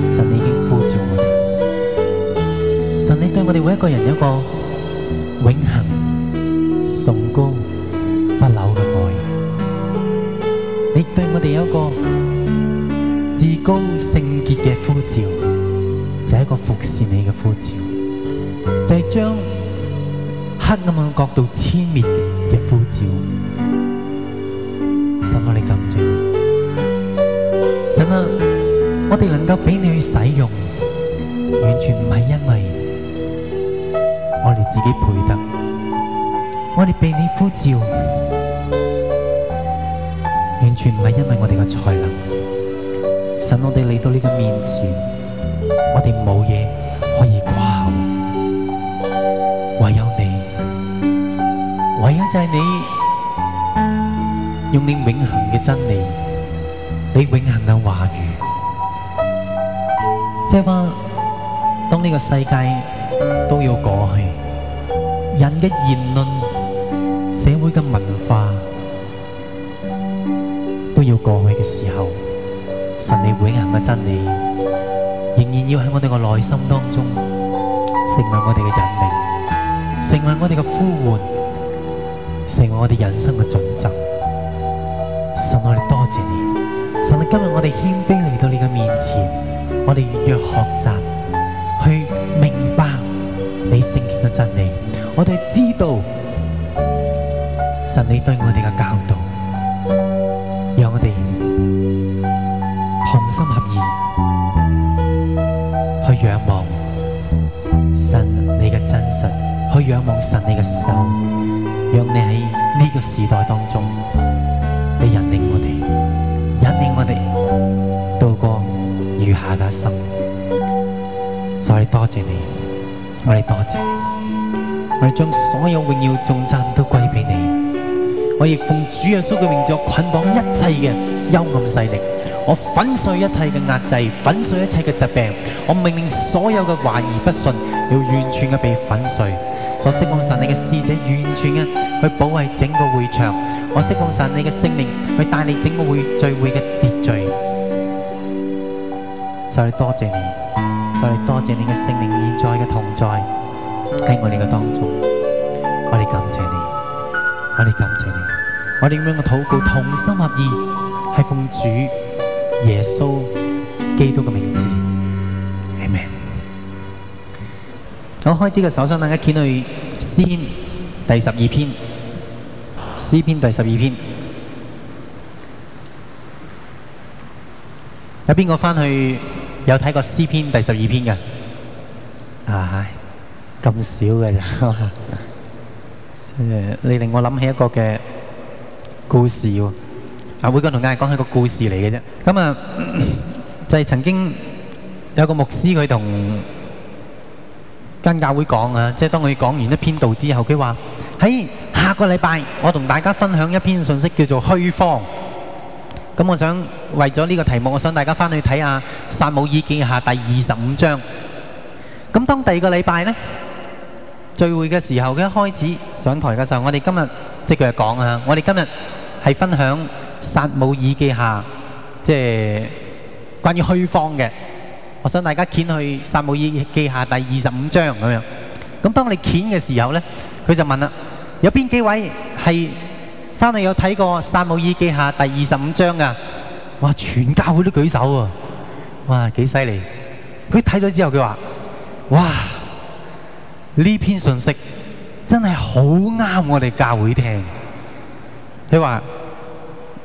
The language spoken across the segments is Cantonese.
神你已經呼召我哋，神你對我哋每一個人有一個永恒、崇高、不朽嘅愛，你對我哋有一個至高聖潔嘅呼召，就係、是、一個服侍你嘅呼召，就係、是、將黑暗嘅國度殲滅嘅呼召感。神啊，你咁做，神啊！我哋能夠俾你去使用，完全唔係因為我哋自己配得，我哋俾你呼召，完全唔係因為我哋嘅才能，使我哋嚟到你嘅面前，我哋冇嘢可以誇口，唯有你，唯有就係你，用你永恒嘅真理，你永恒嘅話語。即係話，當呢個世界都要過去，人嘅言論、社會嘅文化都要過去嘅時候，神你永恆嘅真理仍然要喺我哋個內心當中，成為我哋嘅引領，成為我哋嘅呼喚，成為我哋人生嘅準則。神我哋多謝你，神你今日我哋謙卑嚟到你嘅面前。我哋要學習去明白你聖潔嘅真理，我哋知道神你對我哋嘅教導，讓我哋同心合意去仰望神你嘅真實，去仰望神你嘅手，讓你喺呢個時代當中。一生，心，所以我多謝，謝你，我哋多謝，謝，我哋將所有榮耀頌讚，都歸俾你。我亦奉主耶穌嘅名字捆綁一切嘅幽暗勢力，我粉碎一切嘅壓制，粉碎一切嘅疾病。我命令所有嘅懷疑不順，要完全嘅被粉碎。所我釋放神你嘅使者，完全嘅去保衛整個會場。我釋放神你嘅聖靈，去帶領整個會聚會嘅秩序。所以多謝你，所以多謝你嘅聖靈現在嘅同在喺我哋嘅當中，我哋感謝你，我哋感謝你，我哋咁樣嘅禱告同心合意，係奉主耶穌基督嘅名字，阿門。好，開始嘅首先等一剪去詩篇第十二篇詩篇第十二篇，有邊個翻去？有睇過詩篇第十二篇嘅啊？咁少嘅啫，即係你令我諗起一個嘅故事喎。啊，會哥同亞裔講係個故事嚟嘅啫。咁啊，就係曾經有個牧師佢同間教會講啊，即係當佢講完一篇道之後，佢話喺下個禮拜我同大家分享一篇信息，叫做虛謊。咁我想為咗呢個題目，我想大家翻去睇下《撒母耳記下》第二十五章。咁當第二個禮拜咧，聚會嘅時候，佢一開始上台嘅時候，我哋今日即係佢係講啊，我哋今日係分享《撒母耳記下》即，即係關於虛謊嘅。我想大家掀去《撒母耳記下》第二十五章咁樣。咁當你掀嘅時候咧，佢就問啦：有邊幾位係？翻嚟有睇過《撒母耳記下》第二十五章噶，哇！全教會都舉手啊！哇！幾犀利！佢睇咗之後，佢話：哇！呢篇信息真係好啱我哋教會聽。佢話：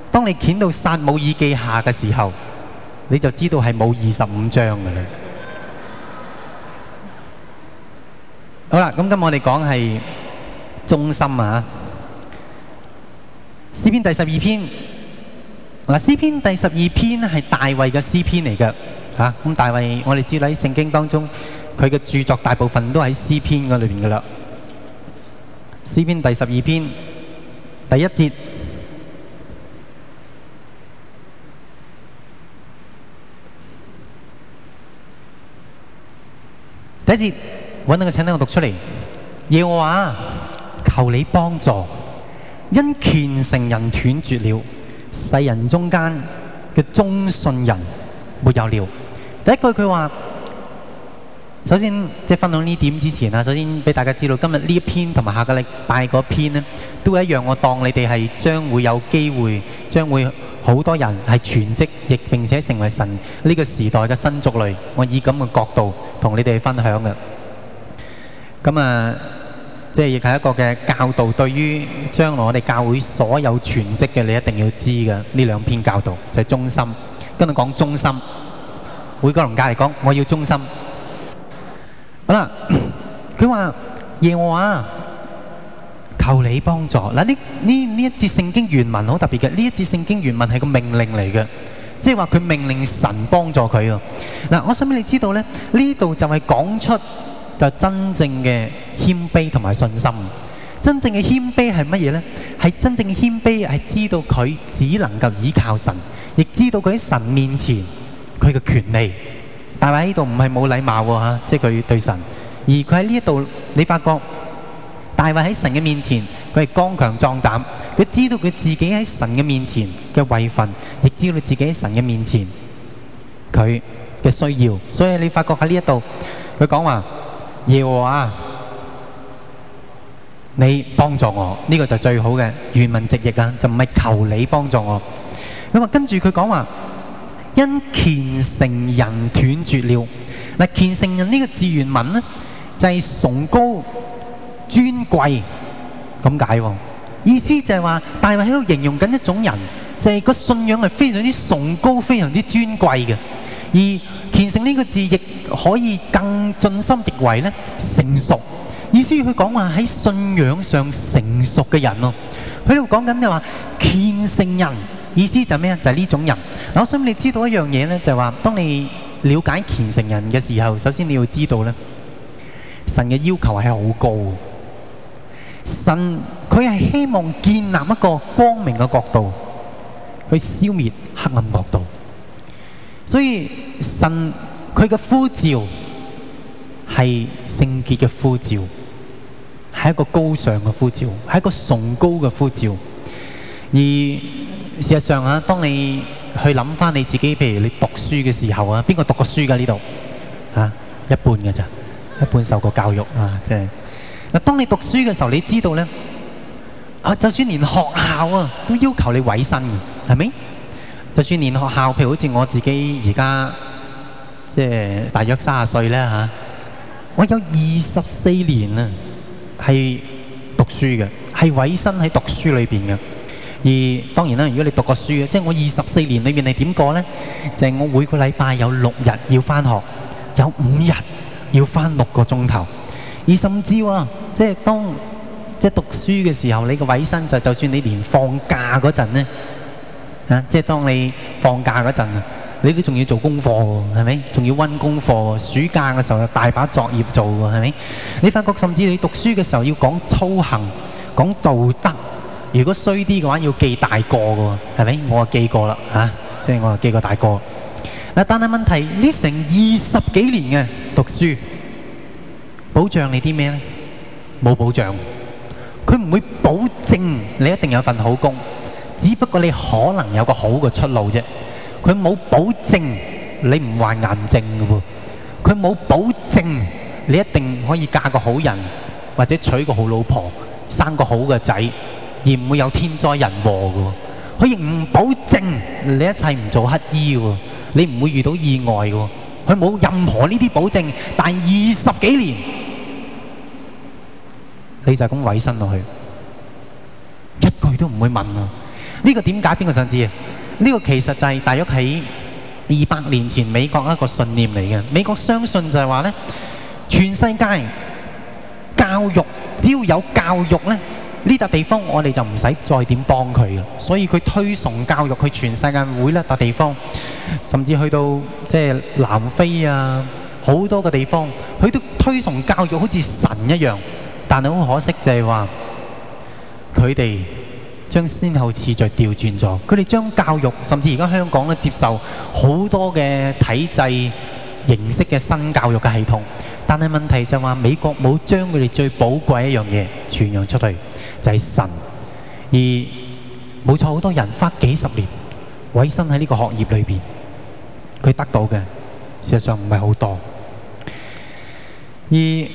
當你見到《撒母耳記下》嘅時候，你就知道係冇二十五章噶啦。 好啦，咁今日我哋講係忠心啊。詩篇第十二篇，嗱，詩篇第十二篇係大衛嘅詩篇嚟嘅，吓、啊、大衛我哋知道喺聖經當中佢嘅著作大部分都喺詩篇嗰裏面噶啦。詩篇第十二篇第一節，第一節揾到個請單我讀出嚟，耶和華、啊、求你幫助。因虔誠人斷絕了，世人中間嘅忠信人沒有了。第一句佢話，首先即分享呢點之前啊，首先俾大家知道今日呢一篇同埋下個禮拜嗰篇呢，都一樣。我當你哋係將會有機會，將會好多人係全職，亦並且成為神呢個時代嘅新族類。我以咁嘅角度同你哋分享嘅。咁啊。即係亦係一個嘅教導，對於將來我哋教會所有全職嘅，你一定要知嘅呢兩篇教導就係忠心。跟住講忠心，每個人家嚟講，我要忠心。好啦，佢話耶和華，求你幫助。嗱，呢呢呢一節聖經原文好特別嘅，呢一節聖經原文係個命令嚟嘅，即係話佢命令神幫助佢。嗱，我想俾你知道咧，呢度就係講出。就真正嘅謙卑同埋信心。真正嘅謙卑係乜嘢呢？係真正嘅謙卑係知道佢只能夠依靠神，亦知道佢喺神面前佢嘅權利。大衛喺度唔係冇禮貌嚇，即係佢對神。而佢喺呢一度，你發覺大衛喺神嘅面前，佢係剛強壯膽。佢知道佢自己喺神嘅面前嘅位分，亦知道自己喺神嘅面前佢嘅需要。所以你發覺喺呢一度，佢講話。要啊！你幫助我，呢、這個就最好嘅，原文直譯啊，就唔係求你幫助我。咁啊，跟住佢講話，因虔誠人斷絕了。嗱，虔誠人呢個字原文咧，就係、是、崇高尊貴咁解喎。意思就係話，大衛喺度形容緊一種人，就係、是、個信仰係非常之崇高、非常之尊貴嘅。而虔誠呢個字亦可以更盡心，極為成熟意思，佢講話喺信仰上成熟嘅人咯。佢喺度講緊就話虔誠人，意思就咩啊？就係呢種人。我想你知道一樣嘢咧，就係話當你了解虔誠人嘅時候，首先你要知道咧，神嘅要求係好高。神佢係希望建立一個光明嘅國度，去消滅黑暗國度。所以神佢嘅呼召係聖潔嘅呼召，係一個高尚嘅呼召，係一個崇高嘅呼召。而事實上啊，當你去諗翻你自己，譬如你讀書嘅時候啊，邊個讀過書噶呢度？吓，啊，一半嘅咋，一半受過教育啊，即係。嗱，當你讀書嘅時候，你知道咧，啊，就算連學校啊都要求你委身，係咪？就算連學校，譬如好似我自己而家，即係大約卅歲咧嚇、啊，我有二十四年啊，係讀書嘅，係委身喺讀書裏邊嘅。而當然啦，如果你讀過書嘅，即係我二十四年裏邊你點過咧？就係、是、我每個禮拜有六日要翻學，有五日要翻六個鐘頭。而甚至喎，即係當即係讀書嘅時候，你個委身就就算你連放假嗰陣咧。啊！即係當你放假嗰陣，你都仲要做功課喎，係咪？仲要温功課，暑假嘅時候有大把作業做喎，係咪？你發覺甚至你讀書嘅時候要講操行、講道德。如果衰啲嘅話，要記大過喎，係咪？我啊記過啦，啊！即係我啊記過大過。嗱，但係問題呢成二十幾年嘅讀書，保障你啲咩咧？冇保障，佢唔會保證你一定有份好工。只不過你可能有個好嘅出路啫，佢冇保證你唔患癌症嘅喎，佢冇保證你一定可以嫁個好人，或者娶個好老婆，生個好嘅仔，而唔會有天災人禍嘅喎，佢亦唔保證你一切唔做乞衣嘅喎，你唔會遇到意外嘅喎，佢冇任何呢啲保證，但係二十幾年你就咁委身落去，一句都唔會問啊！呢個點解邊個想知啊？呢個其實就係大約喺二百年前美國一個信念嚟嘅。美國相信就係話咧，全世界教育只要有教育咧，呢笪地方我哋就唔使再點幫佢啦。所以佢推崇教育去全世界每一笪地方，甚至去到即係南非啊，好多個地方，佢都推崇教育好似神一樣。但係好可惜就係話佢哋，將先後次序調轉咗，佢哋將教育甚至而家香港咧接受好多嘅體制形式嘅新教育嘅系統，但係問題就係話美國冇將佢哋最寶貴一樣嘢傳揚出去，就係神。而冇錯，好多人花幾十年委身喺呢個學業裏邊，佢得到嘅事實上唔係好多。而呢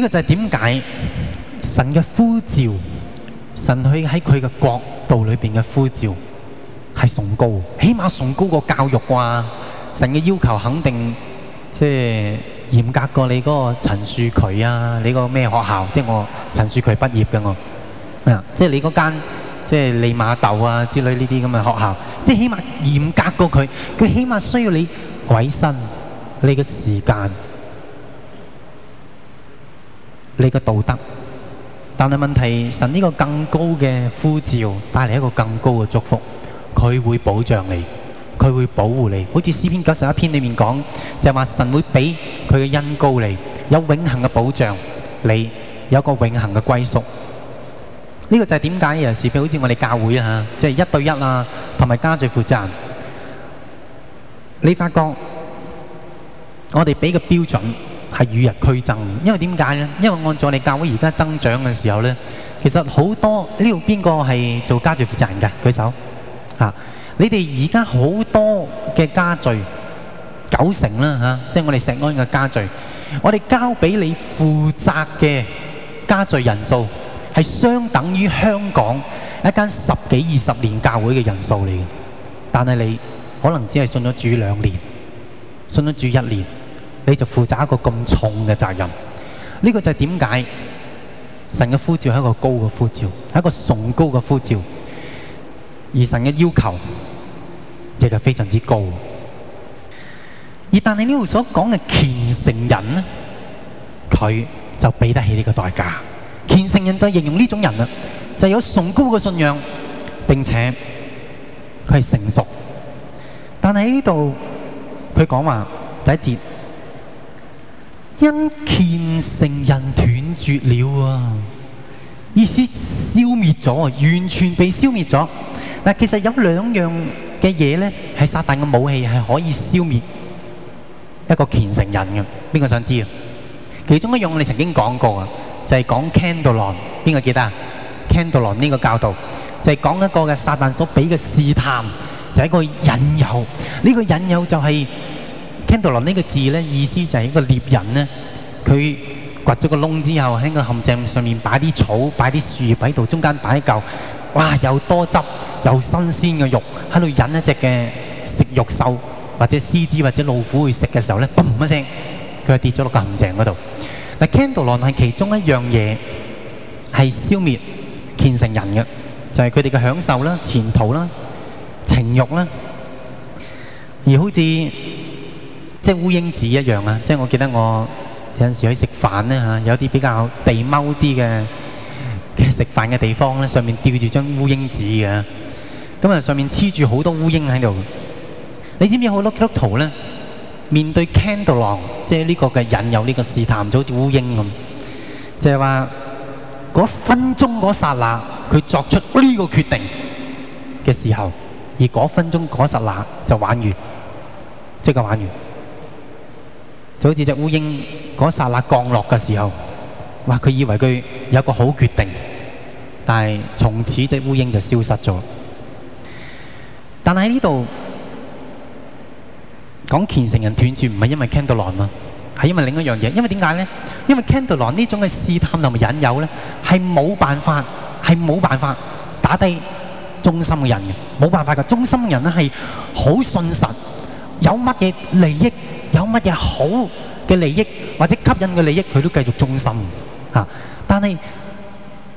個就係點解神嘅呼召。神去喺佢嘅角度裏面嘅呼召，係崇高，起碼崇高過教育啩、啊。神嘅要求肯定即係嚴格過你嗰個陳樹渠啊，你個咩學校？即係我陳樹渠畢業嘅我，的我啊、即係你嗰間即係利馬竇啊之類呢啲咁嘅學校，即係起碼嚴格過佢，佢起碼需要你委身，你嘅時間，你嘅道德。但係問題，神呢個更高嘅呼召帶嚟一個更高嘅祝福，佢會保障你，佢會保護你。好似詩篇九十一篇裏面講，就係話神會俾佢嘅恩膏你，有永恆嘅保障，你有一個永恆嘅歸宿。呢個就係點解啊？有時候好似我哋教會啊，即係一對一啦，同埋家長負責。你發覺我哋俾嘅標準。係與日俱增，因為點解呢？因為按照我哋教會而家增長嘅時候呢，其實好多呢度邊個係做家聚負責人㗎？舉手嚇、啊！你哋而家好多嘅家聚，九成啦嚇、啊，即係我哋石安嘅家聚，我哋交俾你負責嘅家聚人數係相等於香港一間十幾二十年教會嘅人數嚟嘅，但係你可能只係信咗主兩年，信咗主一年。你就負責一個咁重嘅責任，呢個就係點解神嘅呼召係一個高嘅呼召，係一個崇高嘅呼召，而神嘅要求亦係非常之高。而但係呢度所講嘅虔誠人咧，佢就畀得起呢個代價。虔誠人就形容呢種人啦，就係有崇高嘅信仰，並且佢係成熟。但係喺呢度佢講話第一節。因虔誠人斷絕了啊，意思消滅咗啊，完全被消滅咗。嗱，其實有兩樣嘅嘢咧，係撒旦嘅武器係可以消滅一個虔誠人嘅。邊個想知啊？其中一樣我哋曾經講過啊，就係、是、講 c a n d l e l o n。邊個記得啊？c a n d l e l o n 呢個教導就係、是、講一個嘅撒旦所俾嘅試探，就係、是、一個引誘。呢、這個引誘就係、是。candle 龍呢個字咧，意思就係一個獵人咧，佢掘咗個窿之後喺個陷阱，上面擺啲草，擺啲樹葉喺度，中間擺嚿，哇！又多汁又新鮮嘅肉喺度引一隻嘅食肉獸或者獅子或者老虎去食嘅時候咧，嘣一聲，佢係跌咗落個陷阱嗰度。嗱，candle 龍係其中一樣嘢，係消滅虔誠人嘅，就係佢哋嘅享受啦、前途啦、情慾啦，而好似。即係烏蠅紙一樣啊！即係我記得我有陣時去食飯咧嚇，有啲、啊、比較地踎啲嘅食飯嘅地方咧，上面吊住張烏蠅紙嘅。咁啊、嗯，上面黐住好多烏蠅喺度。你知唔知好多基督徒咧面對 Candle Long，即係呢個嘅引誘，呢個試探，就好似烏蠅咁。就係話嗰分鐘嗰剎那，佢作出呢個決定嘅時候，而嗰分鐘嗰剎那就玩完，即係玩完。好似隻烏蠅嗰一剎那降落嘅時候，哇！佢以為佢有個好決定，但係從此隻烏蠅就消失咗。但係呢度講虔誠人斷絕，唔係因為 Candoron 啊，係因為另一樣嘢。因為點解咧？因為 Candoron 呢種嘅試探同埋引誘咧，係冇辦法，係冇辦法打低忠心嘅人嘅，冇辦法嘅，忠心人咧係好信神。有乜嘢利益，有乜嘢好嘅利益，或者吸引嘅利益，佢都繼續忠心嚇。但係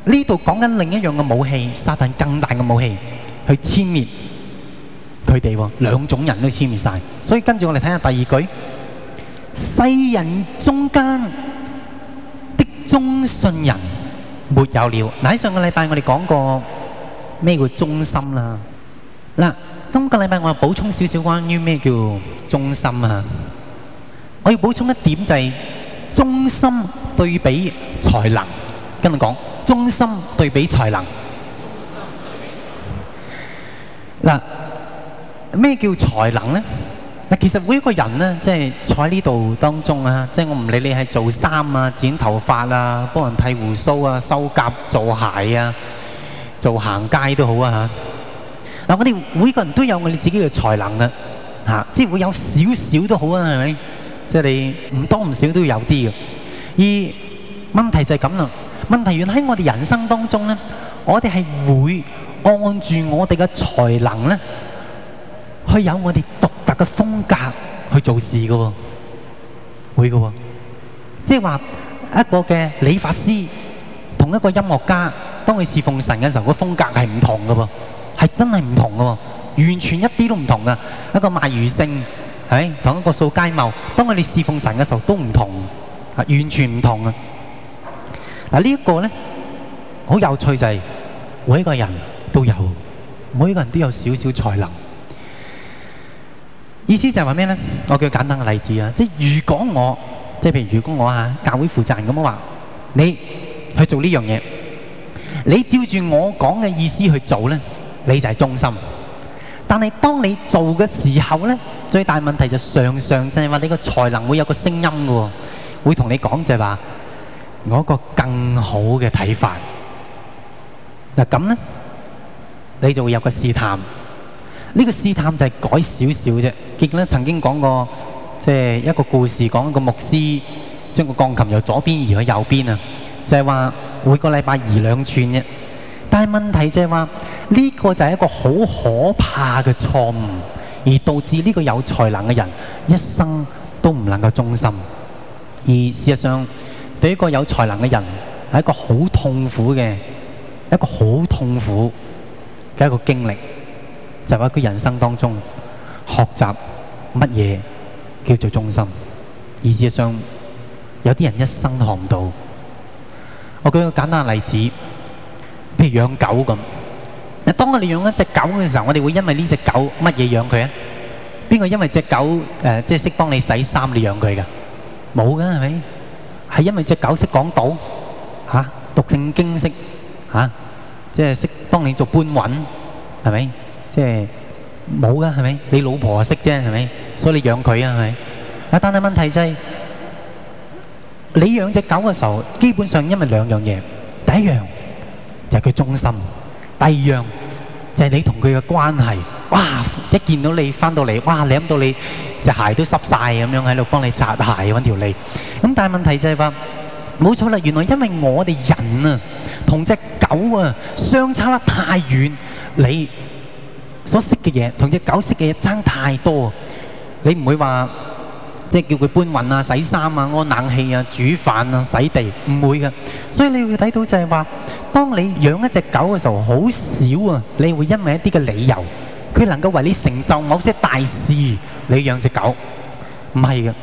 呢度講緊另一樣嘅武器，撒但更大嘅武器去殲滅佢哋喎。兩種人都殲滅晒，所以跟住我哋睇下第二句：世人中間的忠信人沒有了。嗱，喺上個禮拜我哋講過咩叫忠心啦，嗱。今個禮拜我又補充少少關於咩叫忠心啊。我要補充一點就係忠心對比才能，跟我講忠心對比才能。嗱，咩叫才能咧？嗱，其實每一個人咧，即係坐喺呢度當中啊，即係我唔理你係做衫啊、剪頭髮啊、幫人剃鬍鬚啊、修甲、做鞋啊、做行街都好啊吓。我哋每個人都有我哋自己嘅才能嘅，嚇、啊，即係會有少少都好啊，係咪？即係你唔多唔少都有啲嘅。而問題就係咁啦，問題原來喺我哋人生當中呢。我哋係會按住我哋嘅才能咧，去有我哋獨特嘅風格去做事嘅喎、哦，會嘅喎、哦。即係話一個嘅理髮師同一個音樂家當佢侍奉神嘅時候，個風格係唔同嘅噃、哦。係真係唔同嘅，完全一啲都唔同嘅。一個賣魚聖，喺同一個掃街茂，當我哋侍奉神嘅時候都唔同，啊，完全唔同嘅。嗱呢一個咧，好有趣就係每一個人都有，每一個人都有少少才能。意思就係話咩咧？我舉簡單嘅例子啊，即係如果我，即係譬如如果我吓教會負責人咁樣話，你去做呢樣嘢，你照住我講嘅意思去做咧。你就係忠心，但係當你做嘅時候咧，最大問題就常常就係話你個才能會有個聲音嘅喎，會同你講就係話我一個更好嘅睇法。嗱咁咧，你就會有個試探，呢個試探就係改少少啫。結果咧，曾經講過，即係一個故事，講一個牧師將個鋼琴由左邊移去右邊啊，就係話每個禮拜移兩寸啫。但係問題就係話呢個就係一個好可怕嘅錯誤，而導致呢個有才能嘅人一生都唔能夠忠心。而事實上，對一個有才能嘅人係一個好痛苦嘅一個好痛苦嘅一個經歷，就係話佢人生當中學習乜嘢叫做忠心。而事實上，有啲人一生都學唔到。我舉個簡單例子。譬如養狗咁，嗱，當我哋養一隻狗嘅時候，我哋會因為呢隻狗乜嘢養佢啊？邊個因為隻狗誒，即係識幫你洗衫，你養佢噶？冇噶係咪？係因為隻狗識講道吓，讀聖經識吓，即係識幫你做搬運，係咪？即係冇噶係咪？你老婆啊識啫係咪？所以你養佢啊係咪？啊，但係問題就係你養隻狗嘅時候，基本上因為兩樣嘢，第一樣。就係佢忠心。第二樣就係你同佢嘅關係。哇！一見到你翻到嚟，哇！你諗到你隻鞋都濕曬，咁樣喺度幫你擦鞋，揾條脷。咁但係問題就係話，冇錯啦。原來因為我哋人啊，同隻狗啊相差得太遠。你所識嘅嘢，同隻狗識嘅嘢爭太多。你唔會話。即係叫佢搬運啊、洗衫啊、安冷氣啊、煮飯啊、洗地，唔會㗎。所以你會睇到就係話，當你養一隻狗嘅時候，好少啊，你會因為一啲嘅理由，佢能夠為你成就某些大事，你養隻狗，唔係㗎。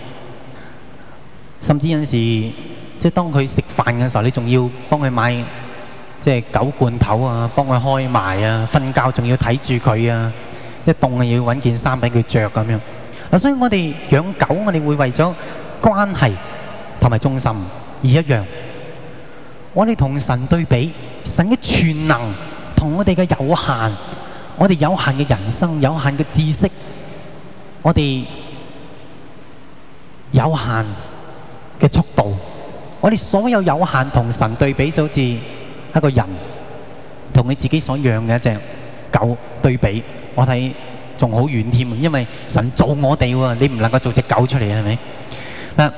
甚至有時，即係當佢食飯嘅時候，你仲要幫佢買即係狗罐頭啊，幫佢開埋啊，瞓覺仲要睇住佢啊，一凍要揾件衫俾佢着咁樣。所以，我哋養狗，我哋會為咗關係同埋忠心而一樣。我哋同神對比，神嘅全能同我哋嘅有限，我哋有限嘅人生，有限嘅知識，我哋有限嘅速度，我哋所有有限同神對比，就好似一個人同你自己所養嘅一隻狗對比，我睇。仲好遠添，因為神做我哋喎、啊，你唔能夠做隻狗出嚟，係咪？嗱、啊，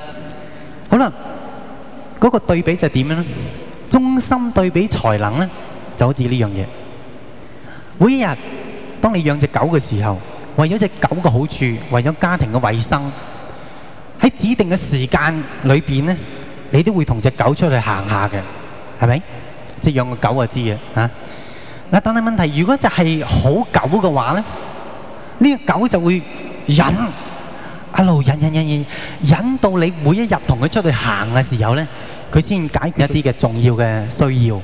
好啦，嗰、嗰個對比就點樣咧？忠心對比才能咧，就好似呢樣嘢。每一日當你養隻狗嘅時候，為咗隻狗嘅好處，為咗家庭嘅衞生，喺指定嘅時間裏邊咧，你都會同隻狗出去行下嘅，係咪？即、就、係、係、養個狗就知嘅嚇。嗱、啊，但係問題，如果就係好狗嘅話咧？呢個狗就會忍一路忍忍忍忍，忍到你每一日同佢出去行嘅時候咧，佢先解決一啲嘅重要嘅需要。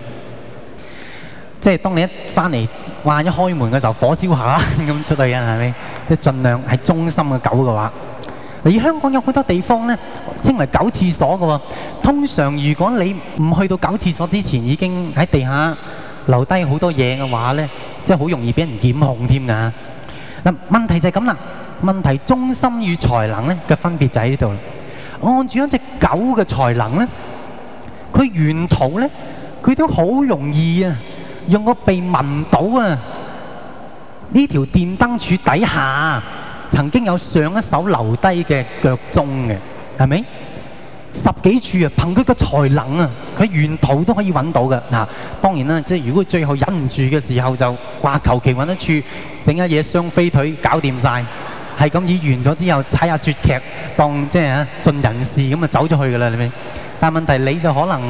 即係當你一返嚟，哇！一開門嘅時候，火燒下咁出去啊，係咪？即係儘量係忠心嘅狗嘅話。而香港有好多地方咧，稱為狗廁所嘅喎。通常如果你唔去到狗廁所之前，已經喺地下留低好多嘢嘅話咧，即係好容易俾人檢控添㗎。嗱，問題就係咁啦。問題中心與才能咧嘅分別就喺呢度啦。按住一隻狗嘅才能咧，佢沿途呢，佢都好容易啊，用個鼻聞到啊，呢條電燈柱底下曾經有上一手留低嘅腳蹤嘅，係咪？十幾處啊！憑佢個才能啊，佢沿途都可以揾到嘅嗱。當然啦，即係如果最後忍唔住嘅時候，就話求其揾一處，整下嘢雙飛腿搞掂晒，係咁以完咗之後，踩下雪劇當即係嚇盡人事咁啊，走咗去嘅啦，係咪？但問題你就可能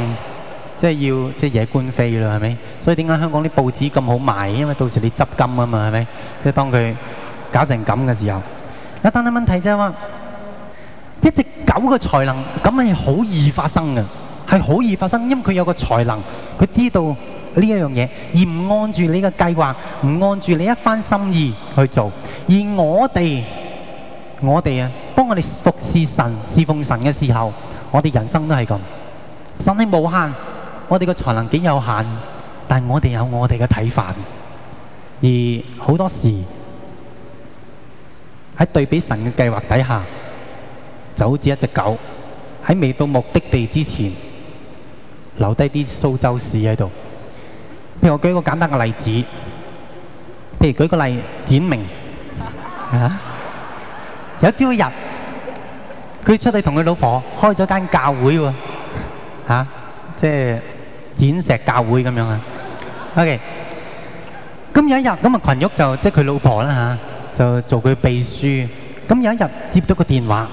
即係要即係惹官非啦，係咪？所以點解香港啲報紙咁好賣？因為到時你執金啊嘛，係咪？即係當佢搞成咁嘅時候，一但啲問題即係話一直。噉個才能咁係好易發生嘅，係好易發生，因為佢有個才能，佢知道呢一樣嘢，而唔按住你嘅計劃，唔按住你一番心意去做。而我哋，我哋啊，當我哋服侍神、侍奉神嘅時候，我哋人生都係咁，神力無限，我哋嘅才能幾有限，但係我哋有我哋嘅睇法。而好多時喺對比神嘅計劃底下。就好似一隻狗，喺未到目的地之前，留低啲蘇州屎喺度。譬如我舉個簡單嘅例子，譬如舉個例，展明，啊，有朝一日佢出去同佢老婆開咗間教會喎，吓，即係剪石教會咁樣啊。OK，咁有一日，咁啊群玉就即係佢老婆啦吓，就做佢秘書。咁有一日接到個電話。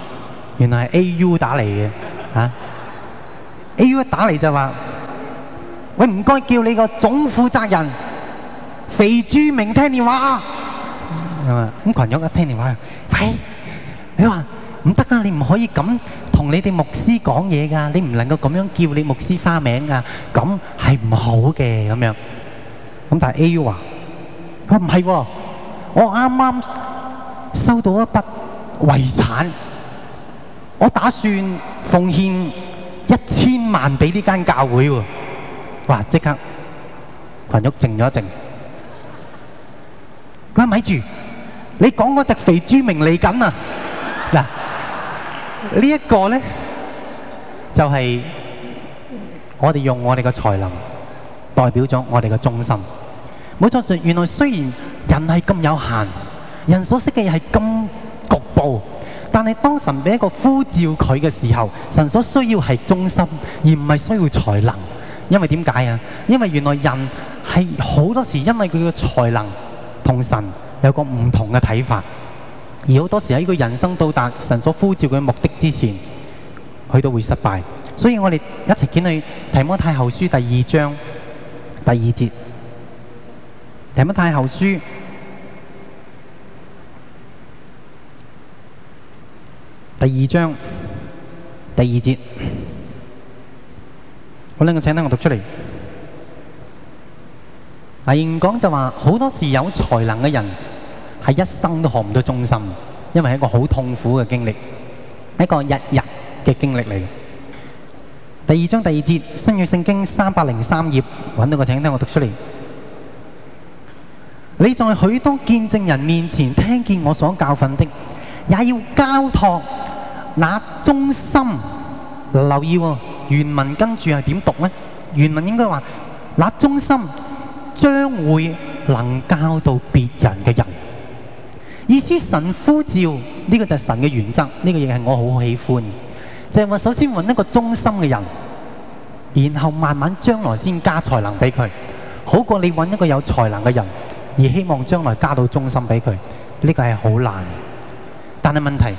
原來係 A.U 打嚟嘅嚇，A.U 一打嚟就話：喂，唔該叫你個總負責人肥豬明聽電話啊。咁群友一聽電話，喂，你話唔得啊！你唔可以咁同你哋牧師講嘢㗎，你唔能夠咁樣叫你牧師花名㗎，咁係唔好嘅咁樣。咁但係 A.U 話：佢唔係喎，我啱啱收到一筆遺產。我打算奉獻一千萬俾呢間教會喎，哇！即刻，群玉靜咗一靜，佢咪住，你講嗰隻肥豬明利緊啊？嗱，呢一個咧就係我哋用我哋嘅才能代表咗我哋嘅忠心，冇錯。就原來雖然人係咁有限，人所識嘅嘢係咁。但係當神俾一個呼召佢嘅時候，神所需要係忠心，而唔係需要才能。因為點解啊？因為原來人係好多時因為佢嘅才能同神有個唔同嘅睇法，而好多時喺佢人生到達神所呼召佢嘅目的之前，佢都會失敗。所以我哋一齊睇去提摩太後書第二章第二節。提摩太後書。第二章第二節，好，呢個請聽，我讀出嚟。阿言講就話，好多時有才能嘅人係一生都學唔到忠心，因為係一個好痛苦嘅經歷，一個日日嘅經歷嚟。第二章第二節，新約聖經三百零三頁，揾到個請聽，我讀出嚟。你在許多見證人面前聽見我所教訓的。也要交託那忠心，留意、哦、原文跟住係點讀呢？原文應該話那忠心將會能教到別人嘅人，意思神呼召呢、這個就係神嘅原則，呢、這個嘢係我好喜歡，就係、是、話首先揾一個忠心嘅人，然後慢慢將來先加才能俾佢，好過你揾一個有才能嘅人而希望將來加到忠心俾佢，呢、這個係好難。但係問題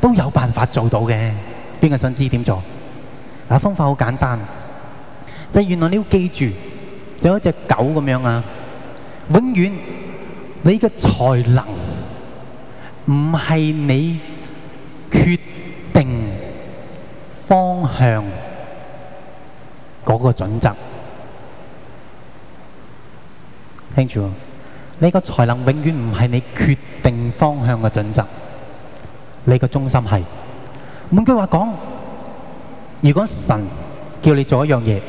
都有辦法做到嘅，邊個想知點做？嗱，方法好簡單，就係，原來你要記住，好似一隻狗咁樣啊,永遠你嘅才能唔係你決定方向嗰個準則。聽住，你個才能永遠唔係你決定方向嘅準則。你嘅中心係換句話講。如果神叫你做一樣嘢，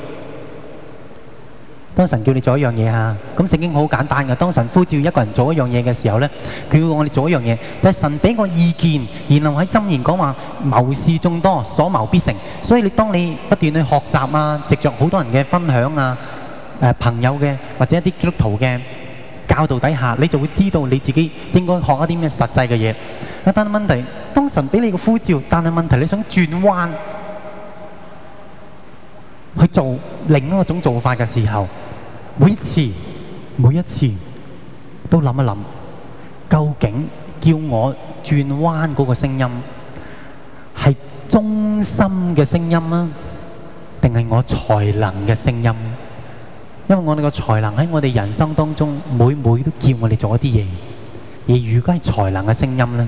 當神叫你做一樣嘢啊，咁聖經好簡單嘅。當神呼召一個人做一樣嘢嘅時候咧，佢會我哋做一樣嘢。就係神俾我意見，然後喺箴言講話謀事眾多，所謀必成。所以你當你不斷去學習啊，藉著好多人嘅分享啊，誒朋友嘅或者一啲基督徒嘅教導底下，你就會知道你自己應該學一啲咩實際嘅嘢。一單問題，當神俾你個呼召，但係問題你想轉彎去做另一種做法嘅時候，每一次每一次都諗一諗，究竟叫我轉彎嗰個聲音係忠心嘅聲音啊，定係我才能嘅聲音？因為我哋個才能喺我哋人生當中每每都叫我哋做一啲嘢，而如果係才能嘅聲音咧。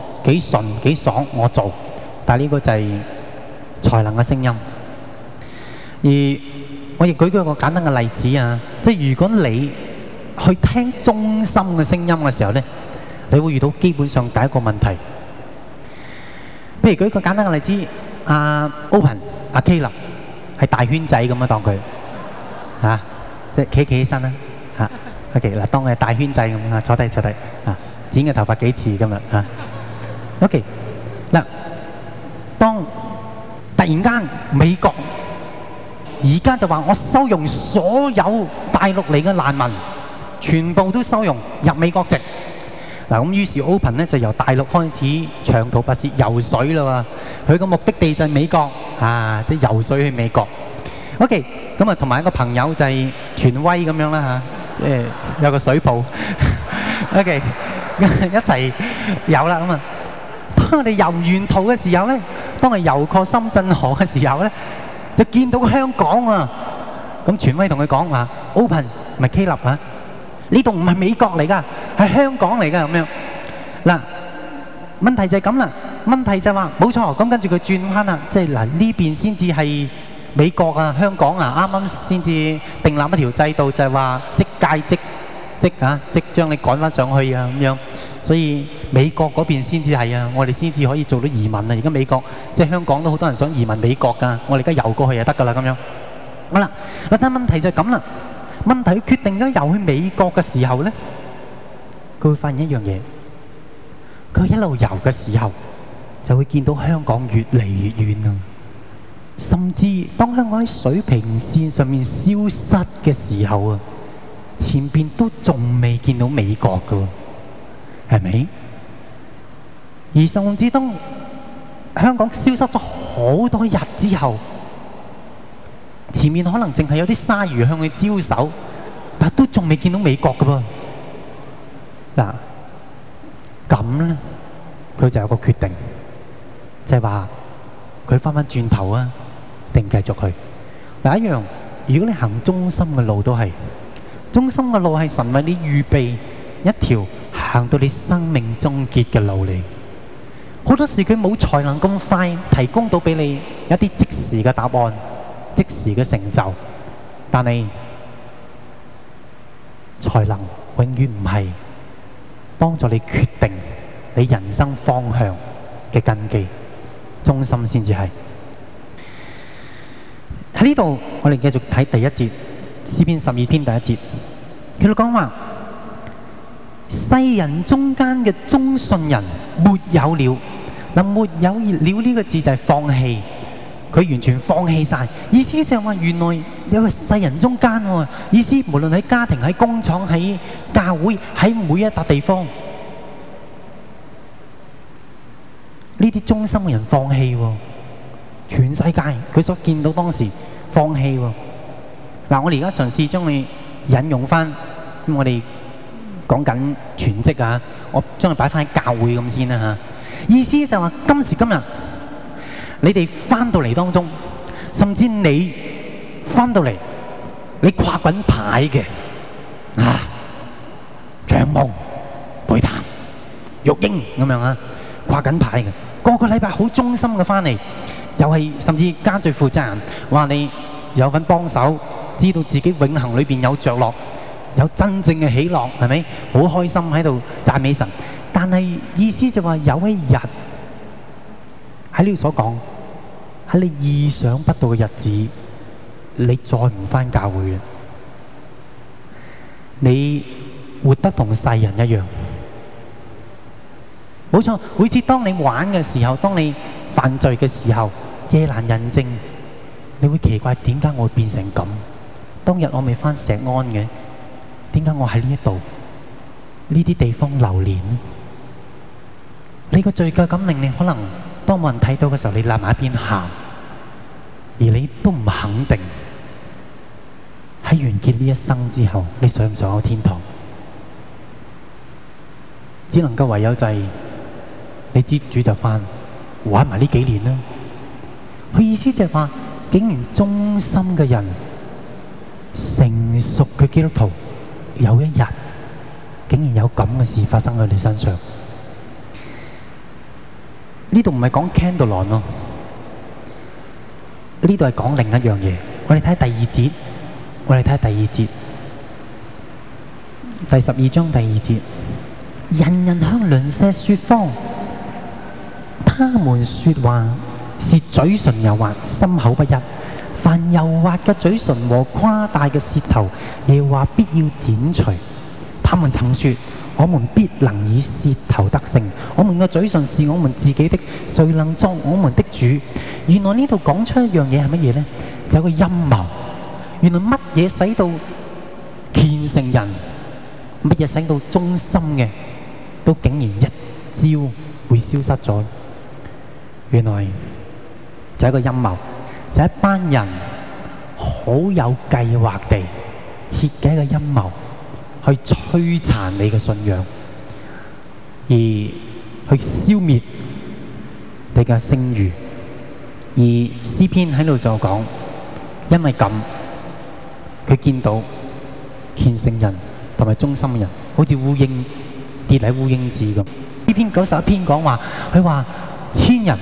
幾純幾爽，我做，但係呢個就係才能嘅聲音。而我亦舉舉個簡單嘅例子啊，即係如果你去聽忠心嘅聲音嘅時候咧，你會遇到基本上第一個問題。譬如舉一個簡單嘅例子，阿 Open 阿 K 林係大圈仔咁啊，當佢嚇即係企企起身啦嚇，OK 嗱，當佢係大圈仔咁啊，坐低坐低啊，剪嘅頭髮幾次咁啊嚇。OK 嗱，當突然間美國而家就話我收容所有大陸嚟嘅難民，全部都收容入美國籍。嗱咁於是 Open 咧就由大陸開始長途跋涉游水啦喎，佢個目的地就係美國啊，即係游水去美國。OK 咁啊，同埋一個朋友就係傳威咁樣啦吓，即係有個水泡。OK 一齊游啦咁啊！你游沿途嘅時候咧，當你游過深圳河嘅時候咧，就見到香港啊！咁傳威同佢講話，Open 唔係 K 立啊！呢度唔係美國嚟噶，係香港嚟噶咁樣。嗱，問題就係咁啦，問題就係話冇錯。咁跟住佢轉返啦，即係嗱呢邊先至係美國啊、香港啊，啱啱先至訂立一條制度，就係話即界即即啊，即將你趕翻上去啊咁樣。所以美國嗰邊先至係啊，我哋先至可以做到移民啊！而家美國即係香港都好多人想移民美國噶，我哋而家遊過去就得噶啦咁樣。好啦，但問題就係咁啦。問題決定咗遊去美國嘅時候呢，佢會發現一樣嘢，佢一路遊嘅時候就會見到香港越嚟越遠啊。甚至當香港喺水平線上面消失嘅時候啊，前面都仲未見到美國噶。係咪？而宋之東香港消失咗好多日之後，前面可能淨係有啲鯊魚向佢招手，但都仲未見到美國噶噃。嗱，咁咧，佢就有個決定，就係話佢翻翻轉頭啊，定繼續去。嗱，一樣，如果你行中心嘅路都係中心嘅路是，係神為你預備一條。行到你生命終結嘅路嚟，好多時佢冇才能咁快提供到俾你一啲即時嘅答案、即時嘅成就，但係才能永遠唔係幫助你決定你人生方向嘅根基中心才是，先至係喺呢度。我哋繼續睇第一節詩篇十二篇第一節，佢講話。世人中間嘅忠信人沒有了，嗱，沒有了呢個字就係放棄，佢完全放棄晒。意思就係話，原來喺世人中間，意思無論喺家庭、喺工廠、喺教會、喺每一笪地方，呢啲忠心嘅人放棄，全世界佢所見到當時放棄。嗱，我哋而家嘗試將佢引用翻我哋。講緊全職啊！我將佢擺翻喺教會咁先啦、啊、嚇。意思就話今時今日，你哋翻到嚟當中，甚至你翻到嚟，你跨緊牌嘅啊，長夢背談玉英咁樣啊，跨緊牌嘅，個個禮拜好忠心嘅翻嚟，又係甚至家最負責人話你有份幫手，知道自己永恆裏邊有着落。有真正嘅喜樂，係咪好開心喺度讚美神？但係意思就話、是、有一日喺呢度所講，喺你意想不到嘅日子，你再唔返教會嘅，你活得同世人一樣。冇錯，每次當你玩嘅時候，當你犯罪嘅時候，夜闌人靜，你會奇怪點解我會變成咁？當日我未返錫安嘅。點解我喺呢一度呢啲地方流連？你個罪疚感令你可能當冇人睇到嘅時候，你立埋一邊喊，而你都唔肯定喺完結呢一生之後，你想唔想有天堂？只能夠唯有就係、係、你接住就翻玩埋呢幾年啦。佢意思就係話，竟然忠心嘅人、成熟嘅基督徒。有一日，竟然有咁嘅事發生喺你身上。呢度唔係講 c a n d l e r o n 咯，啊，呢度係講另一樣嘢。我哋睇下第二節，我哋睇下第二節，第十二章第二節，人人向鄰舍說謊，他們說話是嘴唇油滑，心口不一。凡油滑嘅嘴唇和誇大嘅舌頭，亦話必要剪除。他們曾說，我們必能以舌頭得勝。我們嘅嘴唇是我們自己的，誰能作我們的主？原來呢度講出一樣嘢係乜嘢咧？就係個陰謀。原來乜嘢使到虔誠人，乜嘢使到忠心嘅，都竟然一朝會消失咗。原來就係個陰謀。就一班人好有計劃地設計一個陰謀，去摧殘你嘅信仰，而去消滅你嘅聲譽。而詩篇喺度就講，因為咁，佢見到虔誠人同埋忠心人，好似烏蠅跌喺烏蠅紙咁。詩篇九十一篇講話，佢話千人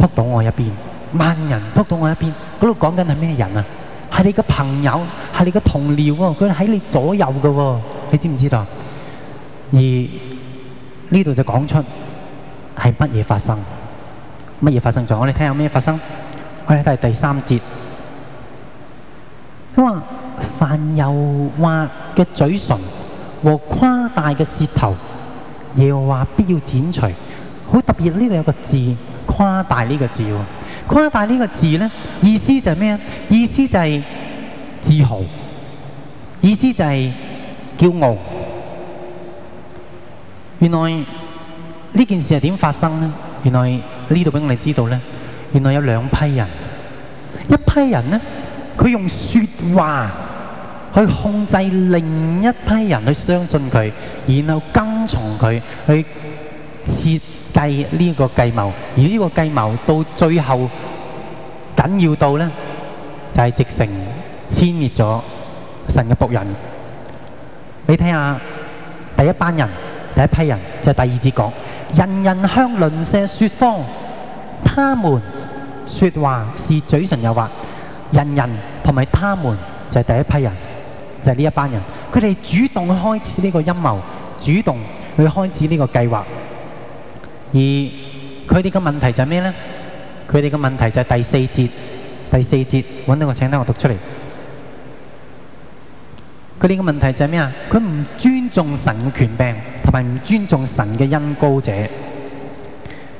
仆倒我一邊。萬人撲到我一邊，嗰度講緊係咩人啊？係你個朋友，係你個同僚喎、哦。佢喺你左右噶、哦，你知唔知道？而呢度就講出係乜嘢發生，乜嘢發生咗。我哋聽下咩發生。我哋睇下第三節，佢話凡油滑嘅嘴唇和誇大嘅舌頭，要話必要剪除。好特別呢度有個字，誇大呢個字。誇大呢個字呢，意思就係咩？意思就係自豪，意思就係驕傲。原來呢件事係點發生呢？原來呢度俾我哋知道呢？原來有兩批人，一批人呢，佢用說話去控制另一批人去相信佢，然後跟從佢去設計呢個計謀，而呢個計謀到最後緊要到呢，就係直成殲滅咗神嘅僕人。你睇下第一班人，第一批人，就係第二節講，人人向鄰舍說謊，他們說話是嘴唇誘惑，人人同埋他們就係第一批人，就係呢一班人，佢哋主動去開始呢個陰謀，主動去開始呢個計劃。而佢哋嘅問題就係咩呢？佢哋嘅問題就係第四節，第四節揾到我請翻我讀出嚟。佢哋嘅問題就係咩啊？佢唔尊重神嘅權柄，同埋唔尊重神嘅恩高者。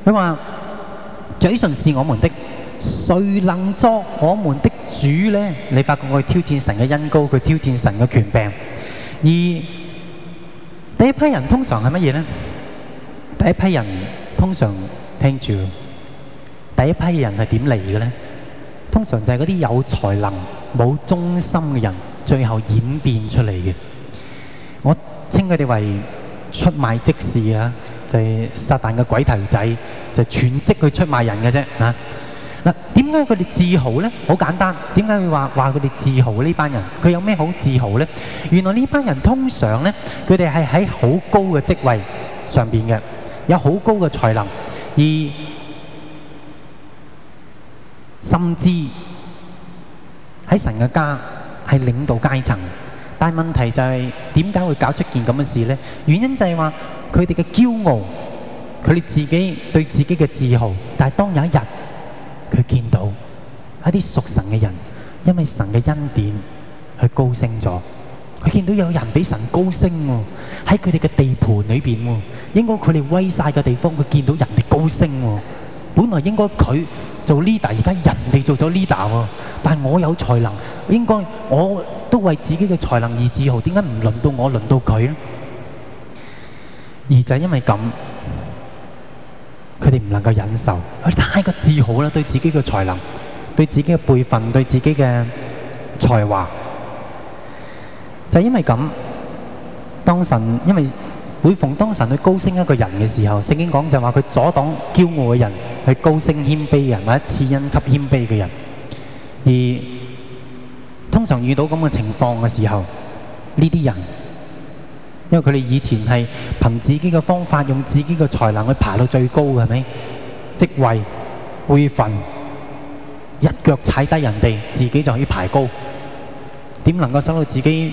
佢話：嘴唇是我們的，誰能作我們的主呢？你發覺我挑戰神嘅恩高，佢挑戰神嘅權柄。而第一批人通常係乜嘢呢？第一批人。通常聽住第一批人係點嚟嘅咧？通常就係嗰啲有才能、冇忠心嘅人，最後演變出嚟嘅。我稱佢哋為出賣職仕啊，就係撒但嘅鬼頭仔，就全職去出賣人嘅啫啊！嗱，點解佢哋自豪咧？好簡單，點解會話話佢哋自豪呢班人？佢有咩好自豪咧？原來呢班人通常咧，佢哋係喺好高嘅職位上面嘅。有好高嘅才能，而甚至喺神嘅家係領導階層，但係問題就係點解會搞出件咁嘅事咧？原因就係話佢哋嘅驕傲，佢哋自己對自己嘅自豪，但係當有一日佢見到一啲屬神嘅人，因為神嘅恩典去高升咗，佢見到有人比神高升。喺佢哋嘅地盤裏面，喎，應該佢哋威曬嘅地方，佢見到人哋高升。本來應該佢做 leader，而家人哋做咗 leader，但我有才能，應該我都為自己嘅才能而自豪。點解唔輪到我，輪到佢咧？而就因為咁，佢哋唔能夠忍受，佢太過自豪啦，對自己嘅才能，對自己嘅輩分，對自己嘅才華，就因為咁。當神因為每逢當神去高升一個人嘅時候，聖經講就話佢阻擋驕傲嘅人去高升謙卑嘅人，或者賜恩給謙卑嘅人。而通常遇到咁嘅情況嘅時候，呢啲人因為佢哋以前係憑自己嘅方法，用自己嘅才能去爬到最高嘅，係咪？職位、輩分，一腳踩低人哋，自己就可以爬高。點能夠收到自己？